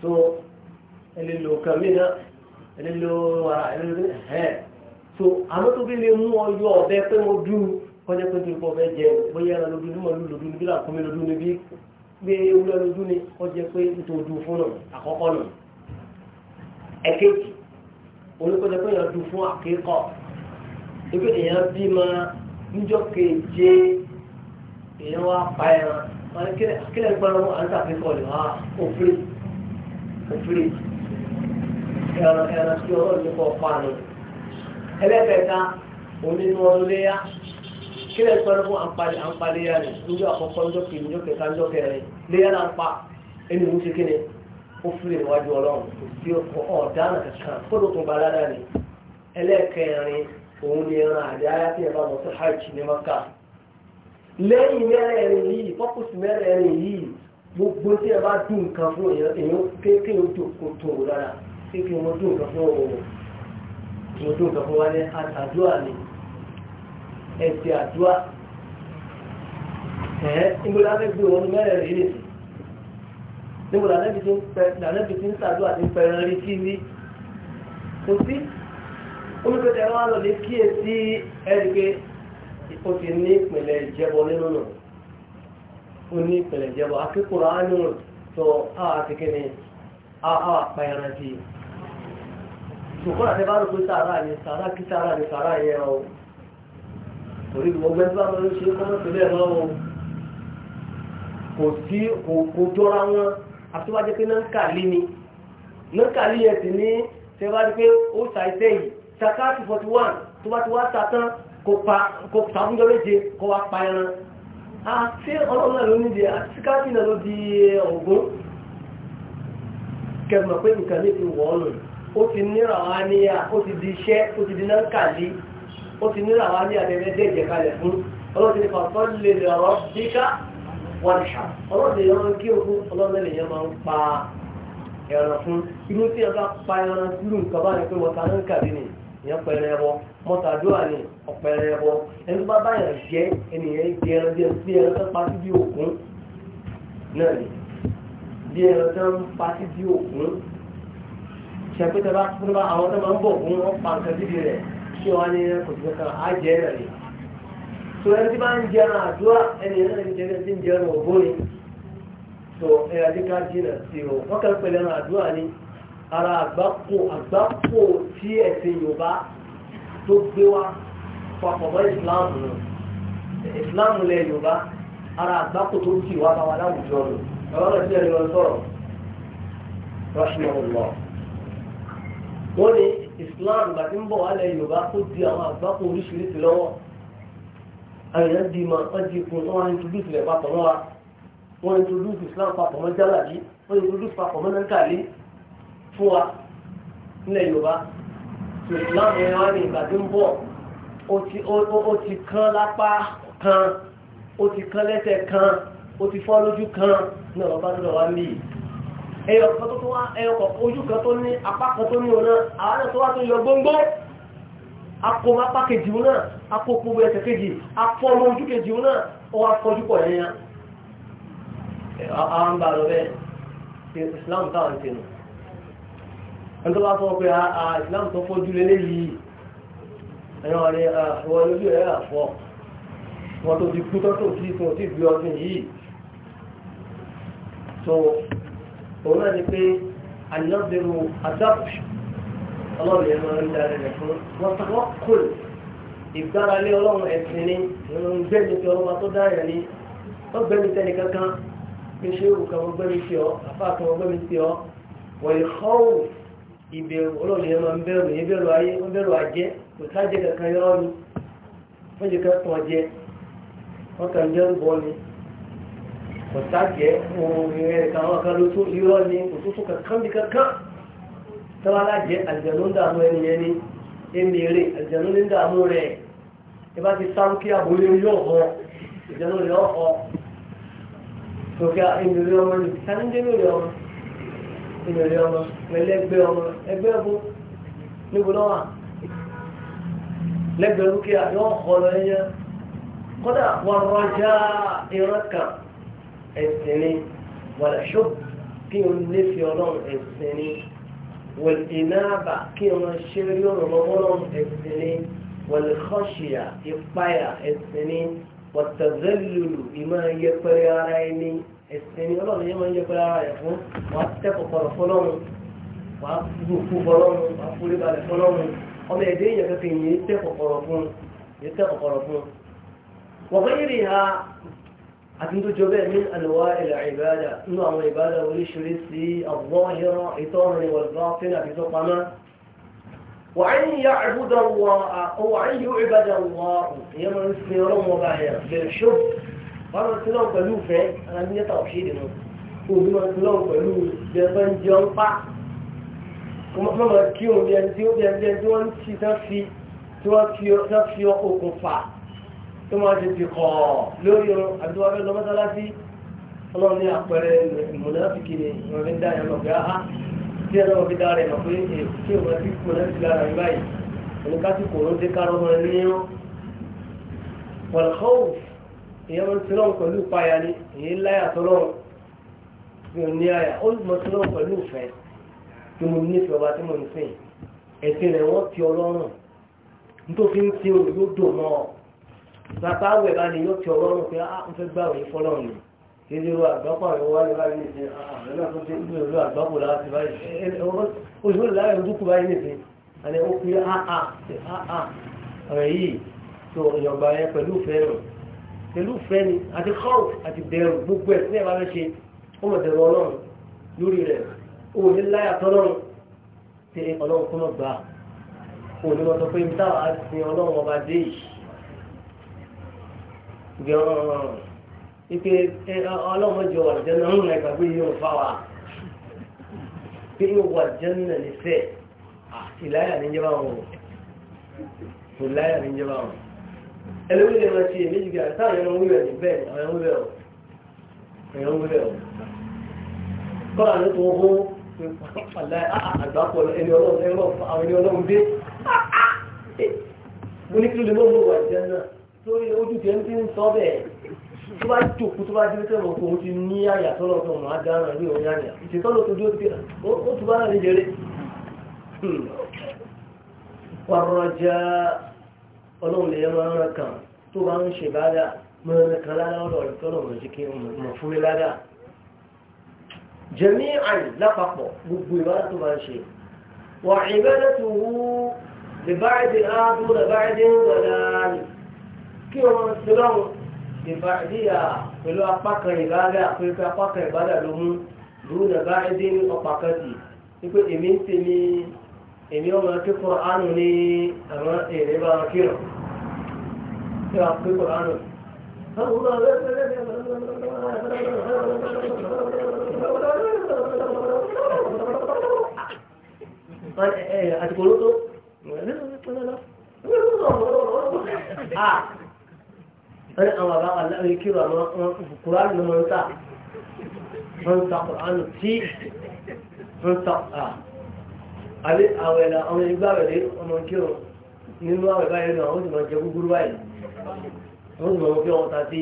tó ẹ̀lẹ́lu kàmí náà ẹ̀lẹ́lu ara ẹ̀lẹ́lu ẹ̀ tó àmọ́ tó bí lè mú ọyọ ọ̀bẹ pé mo dú kọjá pé tó ọ̀fẹ́ jẹ bóyá ẹran lójú ní mọ̀lú lójú níbí làkúnmí lójú níbí gbé ewúrẹ́ lójú ní kọjá pé tó dú fún náà àkọ́kọ́ náà ẹ̀kejì olùkọ́ni pé èèyàn dùn fún àkíkọ́ ebi èèyàn bí ma níjọ́ keje èèyàn wá pa ẹran wọn kílẹ̀ ń pẹ́rọ àti àkíkọ́ rẹ̀ wá òfìrí òfìrí ẹran ẹran tí ọlọ́run ní kọ́ pa ni ẹlẹ́fẹ̀ẹ́ta onínú ọdún léyà kílẹ̀ ń pẹ́rọ fún àǹpalẹ̀ àǹpalẹ̀ yá ni níjọ́ àkọ́kọ́ níjọ́ kejì níjọ́ kẹta níjọ́ kẹrin léyà náà pa ẹni ìwúṣe kíni ó fúlẹ̀ níwájú ọlọ́run kò sí ọ̀daràn kankan kódò tó ba ládàá ni ẹlẹ́ẹ̀kẹrin òun ni ẹran àdáyá tí ẹ bá lọ sí hajj ní maka lẹ́yìn mẹ́rẹ̀ẹ̀rin yìí pọ́pùsì mẹ́rẹ̀ẹ̀rin yìí gbogbo tí ẹ bá dùn nǹkan fún èèyàn kéèké ó dùn kó tó o lára kéèké mo dùn nǹkan fún òun mo dùn nǹkan fún wa àdúrà ni ẹ̀sìn àdúrà ẹ̀ẹ́ ìgbòlá fẹ́ gbé wọn mẹ́rẹ̀ẹ̀rin yìí níbo lànàbì tí ń sàdúrà ti pẹ̀rẹ̀ rí sí ní kò sí omíkọtẹ̀ wọn lọ lè kíyè sí ẹ̀ríkẹ́ ó ti ní ìpìlẹ̀ ìjẹ́bọ nínú nù ó ní ìpìlẹ̀ ìjẹ́bọ akíkùrọ̀ ánú tó àwọn àtikẹ́ ni àwọn àpẹẹrẹ ti ṣùgbọ́n àti bá rò sàárà ni sàárà kí sàárà ni sàárà yẹn o torí gbogbo ẹgbẹ́ bá wọn ṣe kọ́mọ́tò lẹ́ẹ̀mọ́ o kò sí kò jọra wọn àtúwájẹ́ pé náǹkàlí ni náǹkàlí yẹn sì ní tẹ́wájú pé ó ṣàìsẹ́ yìí sàkáàtì 41 tó bá ti wá sàtán kò sàbúnjọ méje kó wá pa ẹran àti ọlọ́run náà ló nídìí àti sàkáàtì náà ló di ọ̀gbọ́n kẹmọ̀ pé nǹkan ní ti wọ̀ ọ́nù ó ti níra wá di iṣẹ́ ó ti di náǹkàlí ó ti níra wá níyà tẹ́lẹ̀ dẹ́jẹ̀ kalẹ̀ fún ọlọ́run ti wọ́n ṣá ọlọ́dẹ yẹn máa ń ọlọ́dẹ yẹn máa ń pa ẹran fún inú tí yẹn pa ẹran sínú nǹkan bá ní pé wọ́n ta ń kàdé ni ìyẹn pẹ̀rẹ̀ ẹbọ mọ́tàdúrà ni ọ̀pẹ̀rẹ̀ ẹbọ ẹni bá báyàn jẹ́ ènìyàn jẹ ẹran jẹ bí ẹran tó pa sí bí òkun náà ni bí ẹran tó ń pa sí bí òkun ṣẹpẹtẹ bá fún bá àwọn tó máa ń bọ̀ fún wọn pa nǹkan dídì rẹ̀ ṣé wọn á ní kòtò kan á jẹ́ rẹ̀ ni sọ̀rọ̀ tí bá ń jẹun àdúrà ẹni yẹn náà ń jẹun tí ń jẹun òbó ni tó ẹ̀yà tí ká jìnà sí o wọ́n kàn pẹ̀lú ẹran àdúrà ni ara àgbákò àgbákò tí ẹ̀sìn Yorùbá tó gbé wa papọ̀ mọ́ ìsìláàmù nù ìsìláàmù lẹ Yorùbá ara àgbákò tó kì wá bá wa láwùjọ nù ẹ̀rọ náà ti ẹ̀rí lọ sọ̀rọ̀ rọ́ṣùmọ̀ wọ́n ní àyàn di ma wọ́n ti kun wọ́n introduce rẹ̀ papọ̀ mọ́ wa wọ́n introduce Islam papọ̀ mọ́ jálàbí wọ́n introduce papọ̀ mọ́ nankali fún wa nílẹ̀ Yorùbá tó Islam yẹn wá ní ìgbà tó ń bọ̀ ó ti kán lápá kan ó ti kán lẹ́sẹ̀ kan ó ti fọ́ lójú kan náà lọ́ba tó lọ́wọ́ ń bì í ẹyọ kan tó wá ẹyọ kan ojú kan tó ní apá kan tó ní òun náà àwọn náà wá tó yọ gbóngbó akọ apá kejì wọn náà akọ pọ̀wọ ẹsẹ̀ kejì akọ ọmọ ojú kejì wọn náà ọwọ́ akọjúpọ̀ ẹ̀yẹn àwọn bá lọ bẹ́ẹ̀ islam táwọn ti nù ẹni tó bá sọ pé islam tó fọ́jú lélẹ́ yìí ẹ̀yàn rẹ̀ àwọn olójú ẹ̀ àfọ́ wọn tó ti kú tó tó sí fún òtí ìgbé ọdún yìí so òun náà ni pé Allah yẹn máa ń darí rẹ̀ fún wọn tó wọ́n kò ìgbára lé ọlọ́run ẹ̀sìn ni ìrún gbẹ́ni tí ọlọ́ba tó dá yẹn ni wọ́n gbẹ́ni tẹ́ni kankan kí ṣé òkà wọn gbẹ́ni tí ọ afá kan wọn gbẹ́ni tí ọ wọ́n lè kọ́ ò ìbẹ̀rù ọlọ́run yẹn máa ń bẹ̀rù yẹn bẹ̀rù ayé wọ́n bẹ̀rù àjẹ́ kò sáàjẹ́ kankan yọ ọ́ ni wọ́n jẹ́ kan tàn jẹ wọ́n kàn bẹ̀rù bọ́ tọ́wọ́lá jẹ́ àlùjànnú ń dààmú ẹni yẹn ní emèrè àlùjànnú ní dààmú rẹ̀ ẹ bá ti sáwọn kí àbúlé yóò họ àlùjànnú rẹ̀ ọ̀ họ tòkè emèrè ọmọ ní sanidé lórí ọmọ emèrè ọmọ pẹ̀lú ẹgbẹ́ ọmọ ẹgbẹ́ ọmọ níbo náà wà lẹ́gbẹ̀ẹ́ lókèá yóò họ lọ ẹyẹ kódà wọn rọjá ìran kan ẹ̀sìn ni wàlẹ̀ ṣó kí n lè fi ọlọ́run ẹ̀sìn ni wẹ̀lìnàbà kí wọ́n ṣe rí ọ̀rọ̀ lọ́wọ́rọ̀ ẹ̀sìn ní wẹ̀lìkọ́ṣìyà ìpáyà ẹ̀sìn ní wọ̀tẹ̀zẹ́lùlù ìmọ̀ yẹpẹrẹ ara ẹni ẹ̀sìn ní ọlọ́run yẹn máa ń yẹpẹrẹ ara ẹ̀ fún wàá tẹ́kọ̀kọ̀rọ̀ fọlọ́run wàá gbòkú fọlọ́run wàá forí balẹ̀ fọlọ́run ọmọ ẹ̀dẹ́ yẹn kẹ́kẹ́ yẹn tẹ́kọ̀kọ̀rọ̀ fún yẹn tẹ́kọ̀kọ̀rọ̀ fún wọ́n àtúntò bẹ́ẹ̀ ní àlùwá ilẹ̀ ìbáàdà nínú àwọn ìbáàdà oríṣiríṣi àbọ̀hìrán ìtọ́rin wọ̀lbá fẹ́lẹ̀ àti tó pamọ́ wà á yí àbúdà wà ó wà á yí ìbáàdà wà ó ìyẹn máa ń sin ọlọ́mọ bá bẹ̀rẹ̀ ṣó wọn máa lọ́wọ́ pẹ̀lú ìfẹ́ alámíyẹ́ta òṣèlú mu òbí máa ń lọ́wọ́ pẹ̀lú bẹ́ẹ̀ jẹun pa wọ́n máa kí òun ẹni tí wọ́n fi okùn fà tó máa ti fi kọ̀ lórí irun àti wọn fẹ́ lọ mọ́sálásí ọlọ́run ní àpẹẹrẹ mọ̀nàfíkì ni wọn fi ń dá yẹn lọ gbé áhá tí ẹ lọ́wọ́ fi dá rẹ̀ lọ pé kí wọn ti mọ̀nàfíkì lára yín báyìí ẹni ká sì kòrò dé kárọ̀ wọn ní yín wọn kọ́ ìyẹn wọn ti lọ́wọ́ pẹ̀lú ìpayà ni èyí láyà tó lọ́wọ́ bí o ní àyà ó mọ̀ ti lọ́wọ́ pẹ̀lú ìfẹ́ bàbá àwẹ̀ bá ní yóò fi ọlọ́run pé á ah, ń fẹ́ gbà wẹ̀ fọlọ́run ni kéde ru àgbápò àwọn wáyé báyìí ní ṣe àwọn náà tó ṣe ń gbèrú àgbápò láti báyìí oṣù láyé ojúkú báyìí ní ṣe àní ó fi áà ah, ah, ṣe áà ọ̀rẹ́ yìí tó ìyọ̀gbà yẹn pẹ̀lú ìfẹ́ rẹ̀ pẹ̀lú ìfẹ́ ni àti kọ́ọ̀ àti bẹ̀rù gbogbo ẹ̀ sí ẹ̀bá fẹ́ ṣe ó mọ̀ dẹ̀rọ ọlọ́run lórí rẹ̀ ó ní láyà tọ́lọ́run ṣe ọlọ́run kọ́nà gbà ó ní lọ sọ pé ibi gan-an ipe ọlọ́mọdé ọ̀jẹ̀ náà ń rìn ìgbàgbé yìí ń fa wa pé wà jẹ́ náà ní fẹ́ ìláyà ní jẹba wọn kò láyà ní jẹba wọn ẹlẹ́wọ́n lè máa ṣe èmi jù gà táwọn ẹran wíwẹ̀ ní bẹ́ẹ̀ àwọn ẹran wíwẹ̀ ọ̀ ẹran wíwẹ̀ ọ̀ kọ́ra ló tó hó àgbápọ̀ ẹni ọlọ́run ẹni ọlọ́run dé [LAUGHS] mo ní kí ló lè mọ́ mo wà jẹ́ náà torí ojú tẹ̀ ń fi ń sọ bẹ́ẹ̀ tó bá jòkó tó bá dé tẹ̀wọ̀ kó o ti ní àyà tọ́lọ̀ tó wọn á dáná ní òun yá nìyà ìṣètọ́ ló tó dúró ti ó tún bá náà ní jẹrẹ. wàrọ̀jà ọlọ́run lè máa ń kàn tó bá ń ṣe bá dà mọ̀ ẹ̀ kan lára ọ̀rọ̀ rẹ̀ tọ́lọ̀ mọ̀ sí kí mọ̀ fún mi ládà. jẹ̀mí àyè lápapọ̀ gbogbo ìbára tó bá ń ṣe wà ìbẹ́lẹ̀ tó wú lè báyìí kí o máa ṣe lọ́rùn ìbàdíyà pẹ̀lú apákan ìbáàdà àpẹẹrẹ apákan ìbáàdà ló mú lùú nàbá ẹdí ní ọ̀pá kan sí wípé èmi ń ṣe ní èmi ọmọ akẹ́kọ̀ọ́ àánú ní àwọn èrè bá wọn kírọ̀ kí wọ́n akẹ́kọ̀ọ́ àánú. àtìkò ló tó wọ́n ní àwọn àbá aláwọ̀ kí wọ́n kúránì ló máa ń tà wọ́n ń ta kúránì tí wọ́n ta àbí àwẹ̀ là ọmọ igbá rẹ̀ lé ọmọ kí wọ́n nínú àwẹ̀ báyìí náà wọ́n sì máa jẹ gúgúrú báyìí wọ́n sì máa fi ọmọ ta sí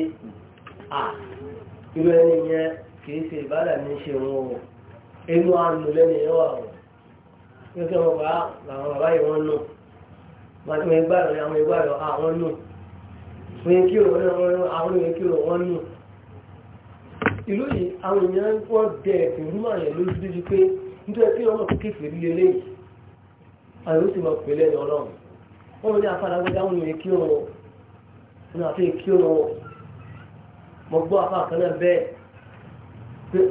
à irú ẹni yẹn kì í ṣe ìbádà ní ṣe wọn o inú àánú lẹ́nu yẹn wà o yóò fi ọmọ bàá bàbá yìí wọ́n wọ́n ti máa gbàdọ̀ àwọn igbá àwọn nù. òye kí òun àwọn òye kí òun wọ́n nù ìlú yìí àwọn èèyàn wọ́n dẹ̀ ẹ̀sìn rúmà yẹn lójú déjú pé nítorí pé ọmọ tó kéfèé rí eléyìí àwọn òsì mọ̀ pẹ̀lẹ́ ní ọlọ́run wọ́n ní afárá gbọ́dá wọn òye kí òun wọn àfi kí òun mọ̀ gbọ́ afá kan náà pé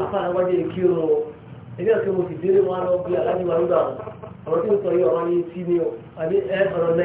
afárá mo délé wọn lọ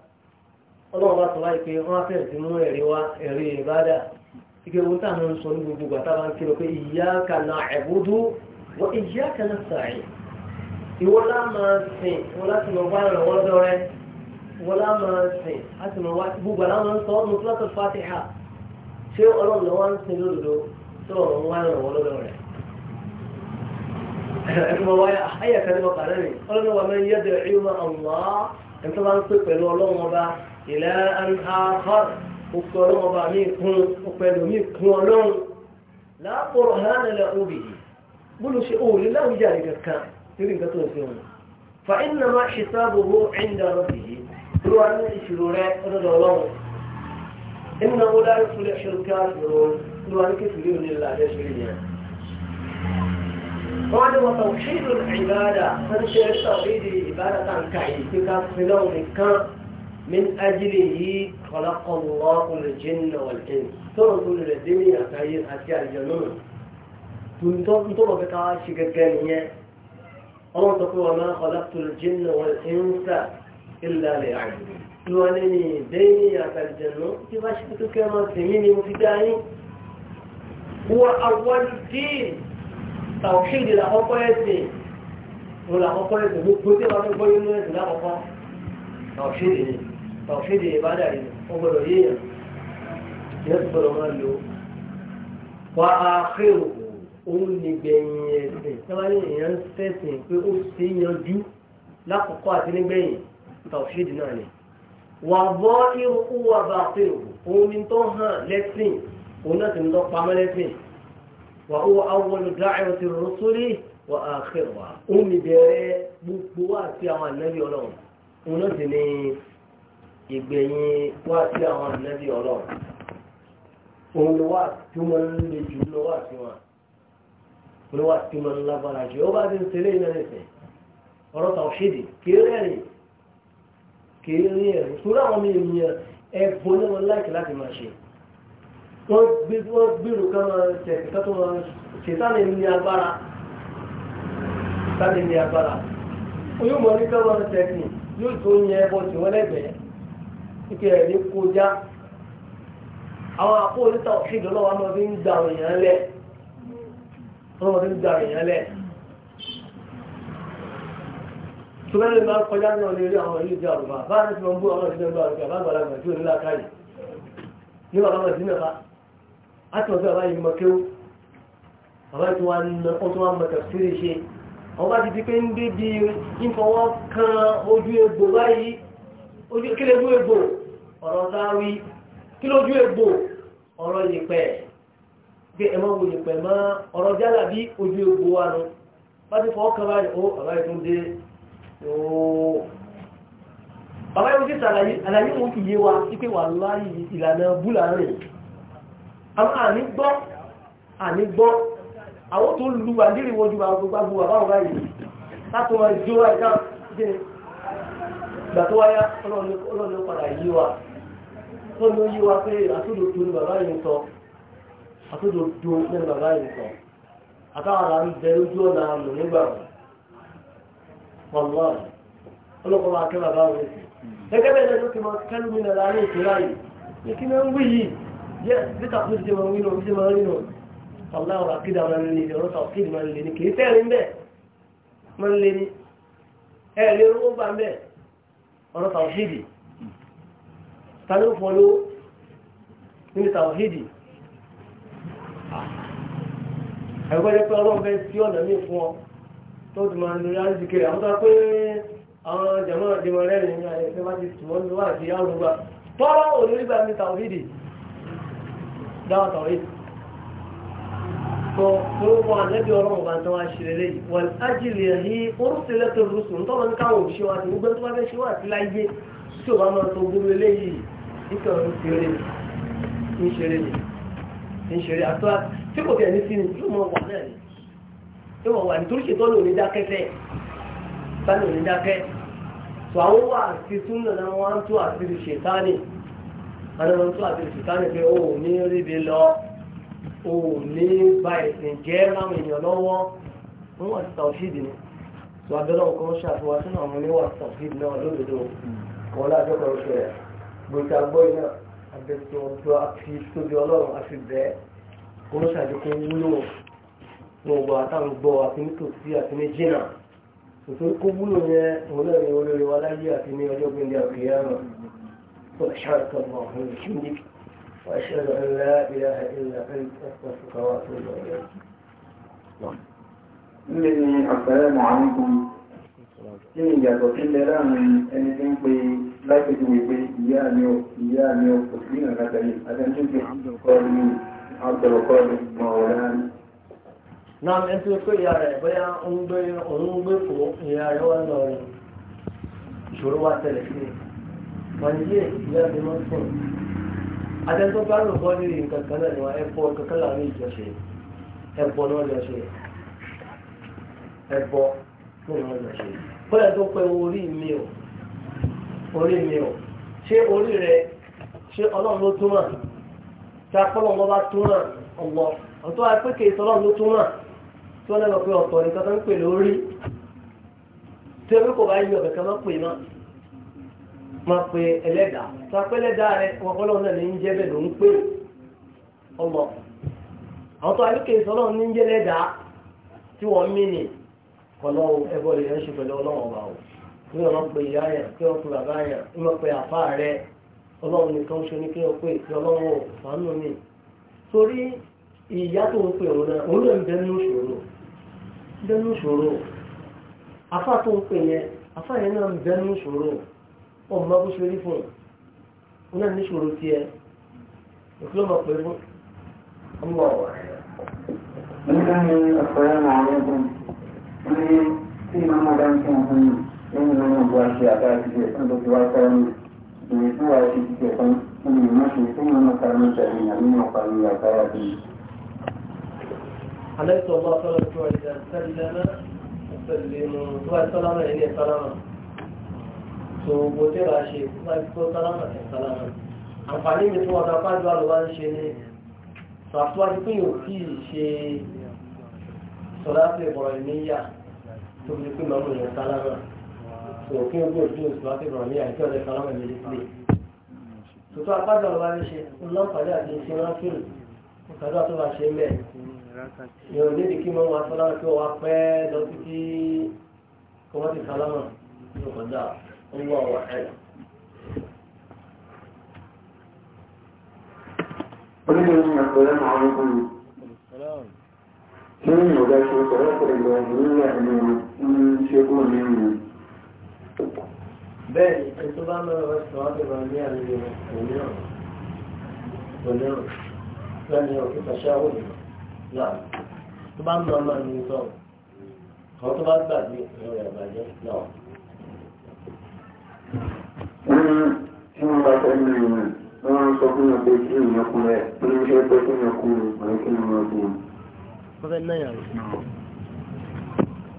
ọlọ́run bá tọ́lá ìpé wọ́n á fẹ́ẹ̀ tí mú ẹ̀rí wá ẹ̀rí ìbádà ike wo táwọn ń sọ ní gbogbo gbàtà bá ń kí lọ pé iyyaka na'budu wa iyyaka nasta'in ìwọ lá máa sìn ìwọ láti lọ bá ràn wọ́n dọ́rẹ́ ìwọ lá máa sìn láti lọ wá gbogbo àláwọn sọ ọ́nù sọ́tò fatiha ṣé ọlọ́run lọ́wọ́ ń sin lódodo sọ̀rọ̀ wọn wá ràn wọ́n ìlà àǹhàfà òkè ọlọ́mọba mi kún ọpẹlú mi kún ọlọ́run láàpọ̀rọ̀ hánàlẹ̀ òbí bólú ṣe òòlù láwùjá rẹ̀ kankan níbi nǹkan tó ń fi wọn. fa iná máa ṣe sáàbòbò ẹ̀ńdà rọ̀bì yìí ló wà ní ìṣòro rẹ̀ ọdọọdọ ọlọ́run iná wọ́n láyé fúlẹ̀ ṣọ́ká ìrò ló wà ní kékeré òní ìlàjẹ́ ṣeré wọ́n ní wọ́n tàwọn ṣe ìlú ìbáradà wọ́n ṣe ìbáradà tá من أجله خلق الله الجن والإنس ترى الدنيا تغير أشياء الجنون تنتظر بقى شكاكانية أو تقول ما خلقت الجن والإنس إلا ليعبدون لأنني ديني الجنون تبشت كما سميني مفتاحي هو أول دين توحيد الأخوة ولا أخوة يسي هو كتير أخوة يسي لا أخوة توحيد tọ̀fídì ìbádà yìí ọgbọ̀dọ̀ yíyàn yẹn gbọ́dọ̀ máa lò wá àkérò òun nígbẹ̀yìn ẹ̀sìn sábàáyé èèyàn ń sẹ́sìn pé ó sì yanjú lákòókò àti nígbẹ̀yìn tọ̀fídì náà ni wà bọ́ irú wà bá àkérò òun ni tó hàn lẹ́sìn òun náà sì ń lọ pamọ́ lẹ́sìn wà ó awọ́lu dáhùn ti rọ́sọ́lì wà àkérò wa òun níbẹ̀rẹ̀ gbogbo wa àti àwọn ànábì ọlọ́run òun náà sì ní ìgbẹ̀yìn wá sí àwọn ànábì ọlọ́run òun ló wà tí wọ́n ń le jù ló wà sí wọn ló wà tí wọ́n ń lágbára jù ó bá ti ń tẹ́lẹ̀ iná nìsẹ̀ ọ̀rọ̀ tàwọn ṣèdè kéré ẹ̀rìn kéré ẹ̀rìn torí àwọn mi ènìyàn ẹ̀bùn ní wọn láìkí láti máa ṣe wọ́n gbé wọ́n gbèrò ká máa tẹ̀sí ká tó máa ṣe sáni ní agbára sáni ní agbára yóò mọ̀ ní ká máa tẹ̀sí yóò tó yẹ ẹbọ tí kíkẹ́ ní kọjá àwọn àpò oníta òṣèlú ọlọ́wọ́ máa fi ń gba èèyàn ọlọ́wọ́ fi ń gba èèyàn tùmẹ́lẹ̀ lè máa kọjá náà lè rí àwọn ìlú ìjà àrùbá bá a ti máa ń bú àwọn ìdílé ìgbà àrùbá bá tí ò ní láàkáyì ní bàbá wọn ìdílé bá a ti wọ́n fi bàbá yìí mọ kéwú bàbá tí wọ́n á tó ọ̀rọ̀ sáwí kí lójú egbò ọ̀rọ̀ yìpẹ̀ gbé ẹ̀mọ́ wo yìpẹ̀ mọ́ ọ̀rọ̀ jálà bí ojú egbò wa nù bá ti fọ́ kaba rẹ̀ ó bàbá yìí tó ń dé ooo bàbá yìí ti sàlàyé àlàyé wọn kì yé wa sí pé wà láàyè ìlànà búlà rẹ̀ àmọ́ àní gbọ́ àní gbọ́ àwọn tó lu àdírí wojú agbègbàgbò bàbá wọn báyìí látọ̀ wọn jó wa ìdá gbàtọ́ wáyá ọlọ́run padà yé wa tó ló yí wa pé àtúndòdó ni bàbá yìí ń sọ àtúndòdó ni bàbá yìí ń sọ àtàwọn ará ń bẹ lójú ọ̀nà àmì nígbà wọn wọ́n ọlọ́kọ̀ máa kẹ́ bàbá wọn sí gẹ́gẹ́ bẹ́ẹ̀ lẹ́nu kí wọ́n kẹ́lú mi nàlá ní ìtura yìí ní kí wọ́n wí yìí yẹ bíkà tó ti máa ń wí nù ọ̀rọ̀ kídì máa sáré ó fọ́ló níbi tàwọ̀hídì ẹgbẹ́jẹ́ pé ọlọ́run fẹ́ sí ọ̀nà míì fún ọ tó ti máa lórí àríjì kiri àwọn tó pé àwọn jẹ̀mọ́ ìdíwọ̀n rẹ̀rìn ní àyẹ̀fẹ́ bá ti tùmọ̀ ní wà sí àrùgbà tọ́rọ olórí bá mi tàwọ̀hídì dáwà tàwọ̀hídì tó tó wọn àlẹ́bí ọlọ́run bá ń tán wá ṣe lélẹ́ yìí wọ́n ájìlì nítorí ọ̀run ti rí ní ṣeré ní ṣeré àtúwà tí kò tẹ̀ ní sí ni yóò mọ̀ wà náà ni yóò mọ̀ wà nítorí ṣètò ní onídákẹ́ fẹ́ bá ní onídákẹ́ tó àwọn wà sí túnlọ̀ náà wọ́n á tó àṣírí ṣètánì àwọn ọmọ tó àṣírí ṣètánì pé ó ní ríbi lọ ó ní ba ẹ̀sìn jẹ́ láwọn èèyàn lọ́wọ́ wọ́n wà sí tàwọ́fíìdì ni tó abẹ́lẹ́ ọkọ̀ ṣàfihàn sínú àwọn oníwà tàwọ́fíìdì náà lódodo kọ́lá àjọkọ̀ rẹ̀ gbòòtà gbọ́ iná àbẹ̀tò ọjọ́ àti tóbi ọlọ́run àti bẹ́ẹ̀ kó ń ṣàdékò wúlò ní ọgbà àtàwọn gbọ́ àti nítòsí àti ní jìnnà tòtò kó wúlò yẹn òun náà ní olórí wa láyé àti ní ọjọ́ gbẹ̀ndẹ̀ àkìyàmọ̀ tó ṣàrẹ̀ mọ̀ ọ̀hún ìṣúndì وأشهد أن لا إله إلا أنت أستغفرك وأتوب إليك. Níbi ni àṣàlẹ̀ mọ̀ àmì kan, kí ni ìyàtọ̀ sí lẹ́rà mi ẹni tí ń pe láti fi wípé ìyá mi ò ìyá mi ò kò sí ìrìn àjò yìí àtẹnjú ti kọrin ní àbẹ̀rọ̀kọrin mọ̀ ọ̀rẹ́ ní. náà mi ti pé ìyá rẹ̀ bóyá ń gbé òun gbé fò ìyá rẹ̀ wá lọ rẹ̀ ìṣòro wá tẹ̀lé sí i wọ́n ní yé ìyá mi máa ń sùn. àtẹnjú bá lò bọ́ ní nǹkan kan náà ni wọ́n ẹ̀fọ́ kankan orí mi ò ṣé orí rẹ ṣé ọlọ́run ló túmọ̀ tí akọ́lọ́run lọ́ba túmọ̀ ọ̀gbọ́n ọ̀tọ́ apẹ́kẹ́ ìtọ́lọ́run ló túmọ̀ tí wọ́n lẹ́nu pé ọ̀tọ̀ nìkan tó ń pè lórí tí omi kò bá yí ọ̀bẹ̀ kan má pè má má pè ẹlẹ́dàá tí wọ́n rẹ wọn kọ́lọ́run náà ní ń jẹ́ bẹ́ẹ̀ ló ń pè ọ̀gbọ́n àwọn tó ìtọ́lọ́run ní ń jẹ́ ẹlẹ́dàá tí wọ́n mí ni kọ́lọ́run ẹgbọ́n rẹ̀ ṣe pẹ̀lú ọlọ́run ọba kí wọ́n pe ìyá yẹn kí wọ́n pe bàbá yẹn kí wọ́n pe àfa rẹ̀ ọlọ́run nìkan ṣe ní kí wọ́n pe ìpè ọlọ́run ò fánú mi. torí ìyá tó ń pe òun náà òun náà ń bẹ nínú ìṣòro bẹ nínú ìṣòro àfa tó ń pe yẹn àfa yẹn náà ń bẹ nínú ìṣòro ọmọ bó ṣe rí fún un náà ní ìṣòro tiẹ̀ òkú ló mọ̀ pé fún ọmọ ọ̀wà. Nígbà mi, ọ̀pọ̀ ẹ̀rọ àwọn ọmọ ní tí màmá bá ń fún ọkùnrin lẹ́yìn lórí ìlú àṣẹ àdáyé ti jẹ fún gbogbo akọrin ìwé tí wàá ṣe ti jẹ fún nínú ìmọ̀ṣe tí wọn náà parí tẹ̀lé àmì náà parí àgbára bí. alẹ́ tó bá fẹ́ràn tó ọjà sẹ́lẹ̀ náà sẹ́lẹ̀ nù tó bá sálámà yẹn ní sálámà tó gbogbo tí wàá ṣe tó bá tó sálámà yẹn sálámà. àǹfààní mi tó wọn ká pàjọ àlùbá ń ṣe ní sàtúwájú pé yóò kí ì ṣe sọ̀rọ̀ àti ìbọ̀rọ̀ ìníyà tó fi pé lọ́mọ yẹn òkè ogún òdúró oṣù láti ìrọ̀lẹ́ àìkẹ́ ọ̀rẹ́ kan lọ́wọ́ ìmìlẹ̀ sílẹ̀. tòótọ́ apájọ ọ̀rọ̀ wa ní ṣe ńlọ́pàdé àti ìṣe rákìrì ìkàdó àti wà ṣe mẹ́ ìrọ̀lẹ́ nídìí kí wọ́n wá sọ́lára kí wọ́n wá pẹ́ lọ títí kí wọ́n ti sálámà ní ọ̀kọ̀dá owó ọ̀wà ẹ̀. onídìrí àkọlẹ́ máa ń kú ṣé ìyọ̀gá ṣe pẹ̀lú ọ̀pọ̀ ìgbà ìlú ìyá ìlú ṣe kúrò nínú bẹ́ẹ̀ ni ẹni tó bá mẹ́rin wá sọ àdìbà ní àlejò òmíràn òmíràn lẹ́ni ọ̀kẹ́ pàṣẹ́wò náà tó bá mọ̀ ọmọ ní sọ àwọn tó bá gbàgbé ẹ̀rọ ìbàjẹ́ náà. tí wọ́n bá fẹ́ mi rìn wọ́n sọ fún mi pé kí èèyàn kú rẹ̀ pé ní ṣe pé kí èèyàn kú rẹ̀ pẹ̀lú kí èèyàn máa bùn. wọ́n fẹ́ náà yàrá.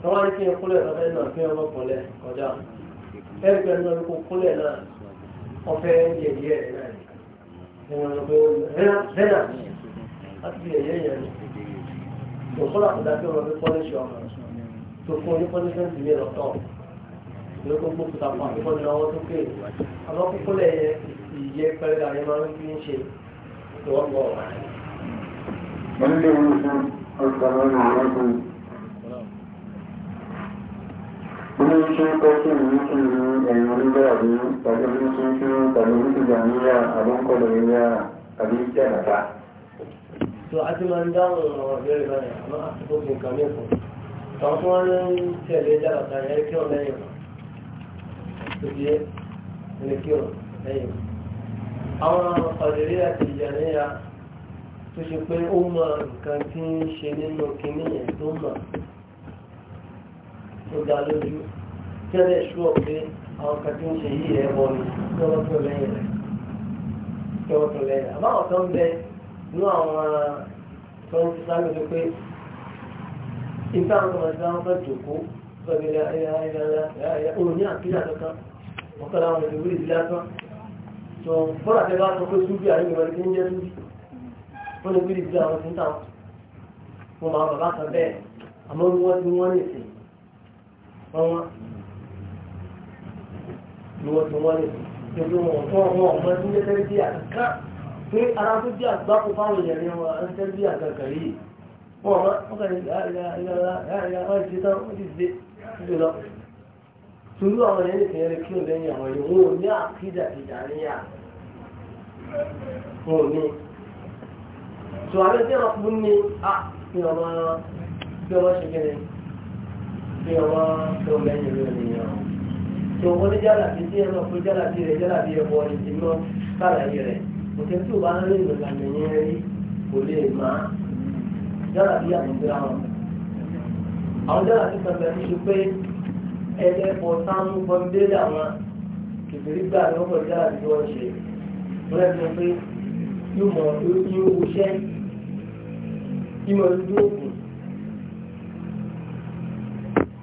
wọ́n wá ní kí n lọ́fẹ́ náà kí n rọ́pọ̀lẹ̀ kọjá ẹgbẹ́ náà ló kó kúnlẹ̀ náà ọ̀fẹ́ yẹ̀yẹ́ rẹ̀ náà ẹ̀rọ ọ̀gbẹ́ rẹ́nà láti yẹ̀yẹ́ yẹn ni tó kọ́lá kó dájú ọ̀rọ̀ ní pọ́líṣì ọmọ tó fún ní pọ́líṣẹ́ǹtì ní lọ́tọ̀ ló kó gbó kúta pa nípa ní ọwọ́ tó ké àmọ́ kúkúlẹ̀ yẹ ìyẹ́ pẹ́lẹ́ àyẹ́ máa ń fi ń ṣe ìwọ́n bọ̀ wọ́n ní oníṣẹ́ pẹ́sìn nítorí ẹ̀yìn onígbàgbé tàbí oníṣẹ́ṣẹ́ tàbí oníṣẹ́gbàmíyà àbúkọlọ̀míyà àbí jàdàbà. tó a ti máa ń dáhùn ọ̀rọ̀ lórí báyìí àmọ́ àsìkò fi nǹkan ní ẹ̀kọ́ tó wọ́n ń tẹ̀lé jàdàbà yẹn kí ọ̀ lẹ́yìn tó di ẹ́ ní kí ọ̀ lẹ́yìn. àwọn ọ̀dẹ̀rí àti ìjànìyà tó ṣe pé ó mọ nǹkan tí ń ṣe nínú kinní yẹn tó mọ̀ tó dá lójú tẹ́lẹ̀ ṣú ọ̀pẹ àwọn kan tí wọ́n ṣe yí rẹ̀ wọ̀ ní tọ́wọ́ tó lẹ́yìn rẹ̀ tọ́wọ́ tó lẹ́yìn rẹ̀ àbáwọ̀ tó ń bẹ inú àwọn tó ń sáré ló pé ìta àwọn ọmọ ìta wọn fẹ́ jòkó pẹ̀lú òní àkíyà kankan ọ̀kadà àwọn ìlú ìdí lásán tó bọ́lá tẹ́ bá sọ pé súbí àyíkọ̀ ní kí jẹ́ súbí wọ́n lè gbé ìdí àwọn tí ń tà wọ́n máa bàbá kan bẹ́ẹ̀ àmọ́ wọ́n ti wọ́n nìsín ọwọ́ ni wọ́n ti wọ́n lè tẹ̀lé wọn tó àwọn ọmọ ẹni lẹ́lẹ́ bí àkàkà pé ara tó jẹ́ àgbákò fáwọn èèyàn ni wọn ń tẹ́ bí àkàkà yìí wọn ọmọ wọn kàn ní ìyá ìyá ìyá wọn ti tán wọn ti dé níbi lọ torí àwọn ẹni kìí rẹ kí o lẹ́yìn àwọn yìí wọn ò ní àkídà ìdá níyà wọn ò ní tòwárẹ́ tí wọn fún ní à ní ọmọ bí ọmọ ṣe kẹrin kí ọwọ́ tó lẹ́yìn ló nìyàn tí owó ní jálàbí tí ẹnu ọ̀pọ̀ jálàbí rẹ̀ jálàbí ẹ̀bọ ni ti mọ́ sàlàyé rẹ̀ òkè tí ò bá ń rí ìlànà yẹn rí kò lè má jálàbí àtúntìrà wọn. àwọn jálàbí pẹ̀lú ẹni ṣe pé ẹlẹ́bọ sáńmú bọ́ndélé àwọn kìbìrì gbà ní ọkọ̀ jálàbí wọn ṣe wọ́n lè sọ pé yóò mọ̀ yóò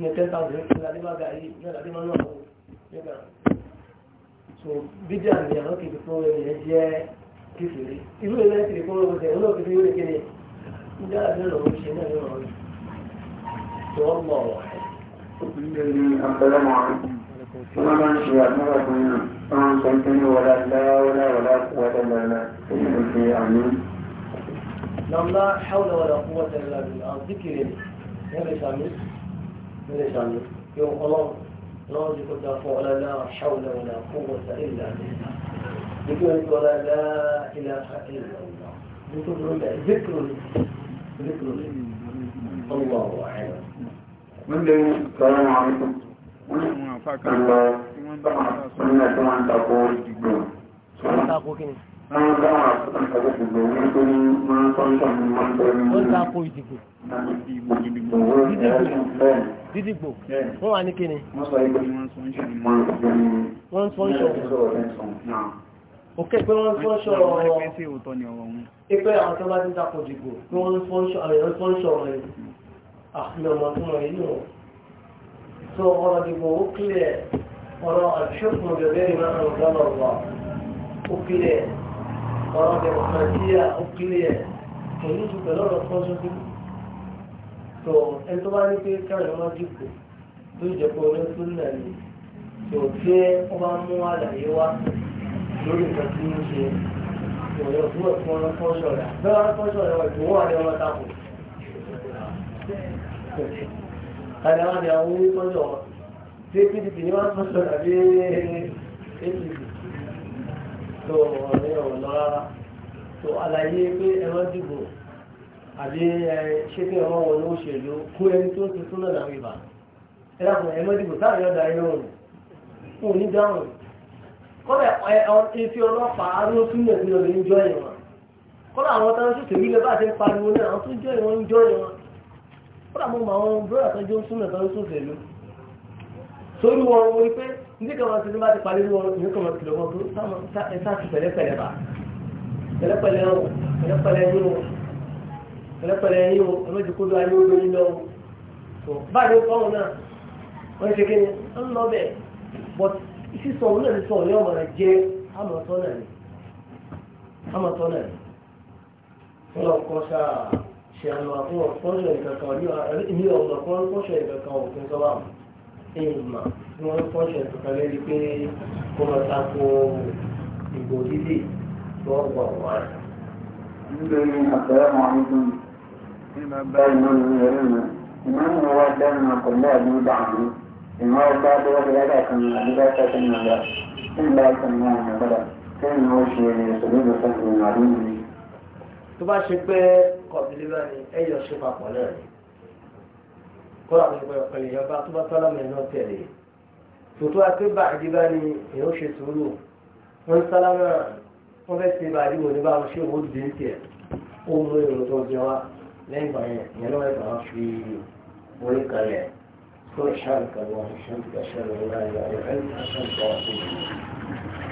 ní ten thousand ní adébága yìí ní adébága náà wò nígbà so bídíà ni àwọn kìí fún ẹnìyẹn jẹ kífìrí irú ẹgbẹ́ ní kìí fún ọmọ ọ̀sẹ̀ òun náà kìí fún yóò lè kéde ní adébága náà wọ́n ṣe náà yóò rọrùn tó wọ́n mọ̀ ọ́. Wọ́n máa ń ṣe àtúnwà fún yàn, wọ́n ń sọ pé wọ́lá láwọ́lá wọ́lá wọ́lá lọ́la, ó sì ń ṣe àmì. Nàmlá, ṣáwọ́lá wọ́lá fún wọ́tẹ̀lá, ذكر هذا الخميس lórí ìṣàmì kí ọlọ́run ọlọ́run ti kó dá fún ọlá náà ṣáwùlá wọn náà fún wọn sáré ìlà nígbà nígbà wọn ti ọlá náà ilá ìlà ọ̀nà nígbà wọn bẹ zikiro ni zikiro ni ọlọ́wọ́ àwọn àyẹ̀wò. wọ́n lè sọ̀rọ̀ wọn àmì wọ́n lè sọ̀rọ̀ wọn àmì wọ́n lè sọ̀rọ̀ wọn àmì máa ń dáwọn àtúntàn kọ́kọ́ ṣùgbọ́n wọ́n tó ní máa ń tọ́ńtọ̀ ní máa ń tọ́ ní. ó tako ìdìbò. dídìgbò wọ́n wà ní kíni. wọ́n sọ ìgbà ní wọ́n sọ ìṣọ̀ ní máa ń tọ́ ní. wọ́n sọ ìṣọ̀ òkè pé wọ́n fọ́n ṣọ́ ọ̀rọ̀ ìpé àwọn tó bá ti dápò dìbò pé wọ́n fọ́n ṣọ́ ọ̀rọ̀ ìwọ́n fọ́n ṣọ́ ọ̀rọ̀ àfihàn fún ọ̀rọ̀ inú so ọ̀rọ̀ dìbò ó kílẹ̀ ọ̀rọ̀ àṣọ́kùnrin bẹ̀rẹ̀ ìrànlọ́wọ́ ó kílẹ̀ ọ̀rọ̀ dẹ̀mọ̀kìrìsíà ó kílẹ̀ ẹ̀ kò ní ju pẹ̀lú ọ̀rọ̀ pọ́ńsọ́bí tó ẹni tó bá ní pé káyọ̀ máa dìbò tó jẹ́ pé olóṣèlú náà ni tó tí ó bá mú àlàyé wá lórí nǹkan tí ó ṣe ìwọ̀nyọ̀ fún ẹ̀fọn ọlọ́pọ̀ṣọ̀ rẹ̀ bẹ́ẹ̀ wá pọ́ṣọ̀ rẹ̀ ìwọ̀n wà ní ọmọ táàbù kàdé wá ní àwọn orí pọ́ṣọ̀ wọn tí pdp ní wá pọ́ṣọ̀ rẹ̀ tó ọ̀rẹ́ ọ̀rọ̀ lọ rárá tó àlàyé pé ẹ̀rọ dìbò àbí ṣé kí ẹ̀rọ wọn ló ṣèlú kú ẹni tó ti tún náà láwé bá ẹ dákun ẹ̀rọ dìbò táwọn yọ̀ọ̀dà ẹ̀ lọ́rùn kò ní dáhùn kọ́lá ife ọlọ́pàá ló tún lè fi ọ̀rẹ́ ń jọ ìwọ̀n kọ́lá àwọn tó ń ṣètò yìí lè bá ṣe ń pariwo náà àwọn tó jọ ìwọ̀n ń jọ ìwọ̀n kọ́lá mo mọ àwọn búrọ̀ àtọ́jú ń súnmọ̀ tó ń sòfèlú ní kàwọn tí wọ́n ti parí wọn ní kàwọn tí lọ́wọ́ tó ẹ̀sà ti pẹ̀lẹ́pẹ̀lẹ́ bá pẹ̀lẹ́pẹ̀lẹ́ o pẹ̀lẹ́pẹ̀lẹ́ yín o pẹ̀lẹ́pẹ̀lẹ́ yín o ẹ̀mọ́ ti kódó ayé olórí lọ o báyìí ó kọ́hún náà wọ́n ṣe kéde ń lọ bẹ́ẹ̀ but sísọ òun náà ti sọ òun ọmọ rẹ̀ jẹ́ amọ̀tọ́ náà ni amọ̀tọ́ náà ni wọ́n lọ kọ́ sáà ṣe àmọ̀ àkúrò ìmọ̀ tí wọ́n ń fọ́ṣẹ̀ tuntun lórí pé kó lọ tako ìbò líle tó gbọ̀ wá. nítorí àpẹẹrẹ wọn nínú báyìí ló ń yẹ lónìí ìmọ̀ ní wọ́n wá dẹ́nu àpẹẹrẹ àbí ìgbà àmì ìmọ̀ ọgbà tó wọ́n fi lágbà kan ní àdúgbò kẹ́kẹ́ ní ọ̀gá tí ń bá ìtàn náà ní ọ̀gá tí ń náà ṣe èrè ìṣòlódò fún tó bá ṣe pé kọ̀ọ̀bì lébà kọ́ra mi pẹ̀lú ìyọba tó bá tọ́lá mi náà tẹ̀lé tòótọ́ àti bàjẹ́ bá ní èèyàn ṣe sùúrù wọ́n sálámà wọ́n fẹ́ ṣe bàjẹ́ wò ní báwọn ṣé òun dìde tiẹ̀ ó mú èrò tó jẹ wá lẹ́yìn ìgbà yẹn ìyẹn lọ́wọ́ ìgbà fi orí kalẹ̀ tó ìṣàlùkàlù wọn ìṣàlùkàlù wọn ìṣàlùkàlù wọn ìṣàlùkàlù wọn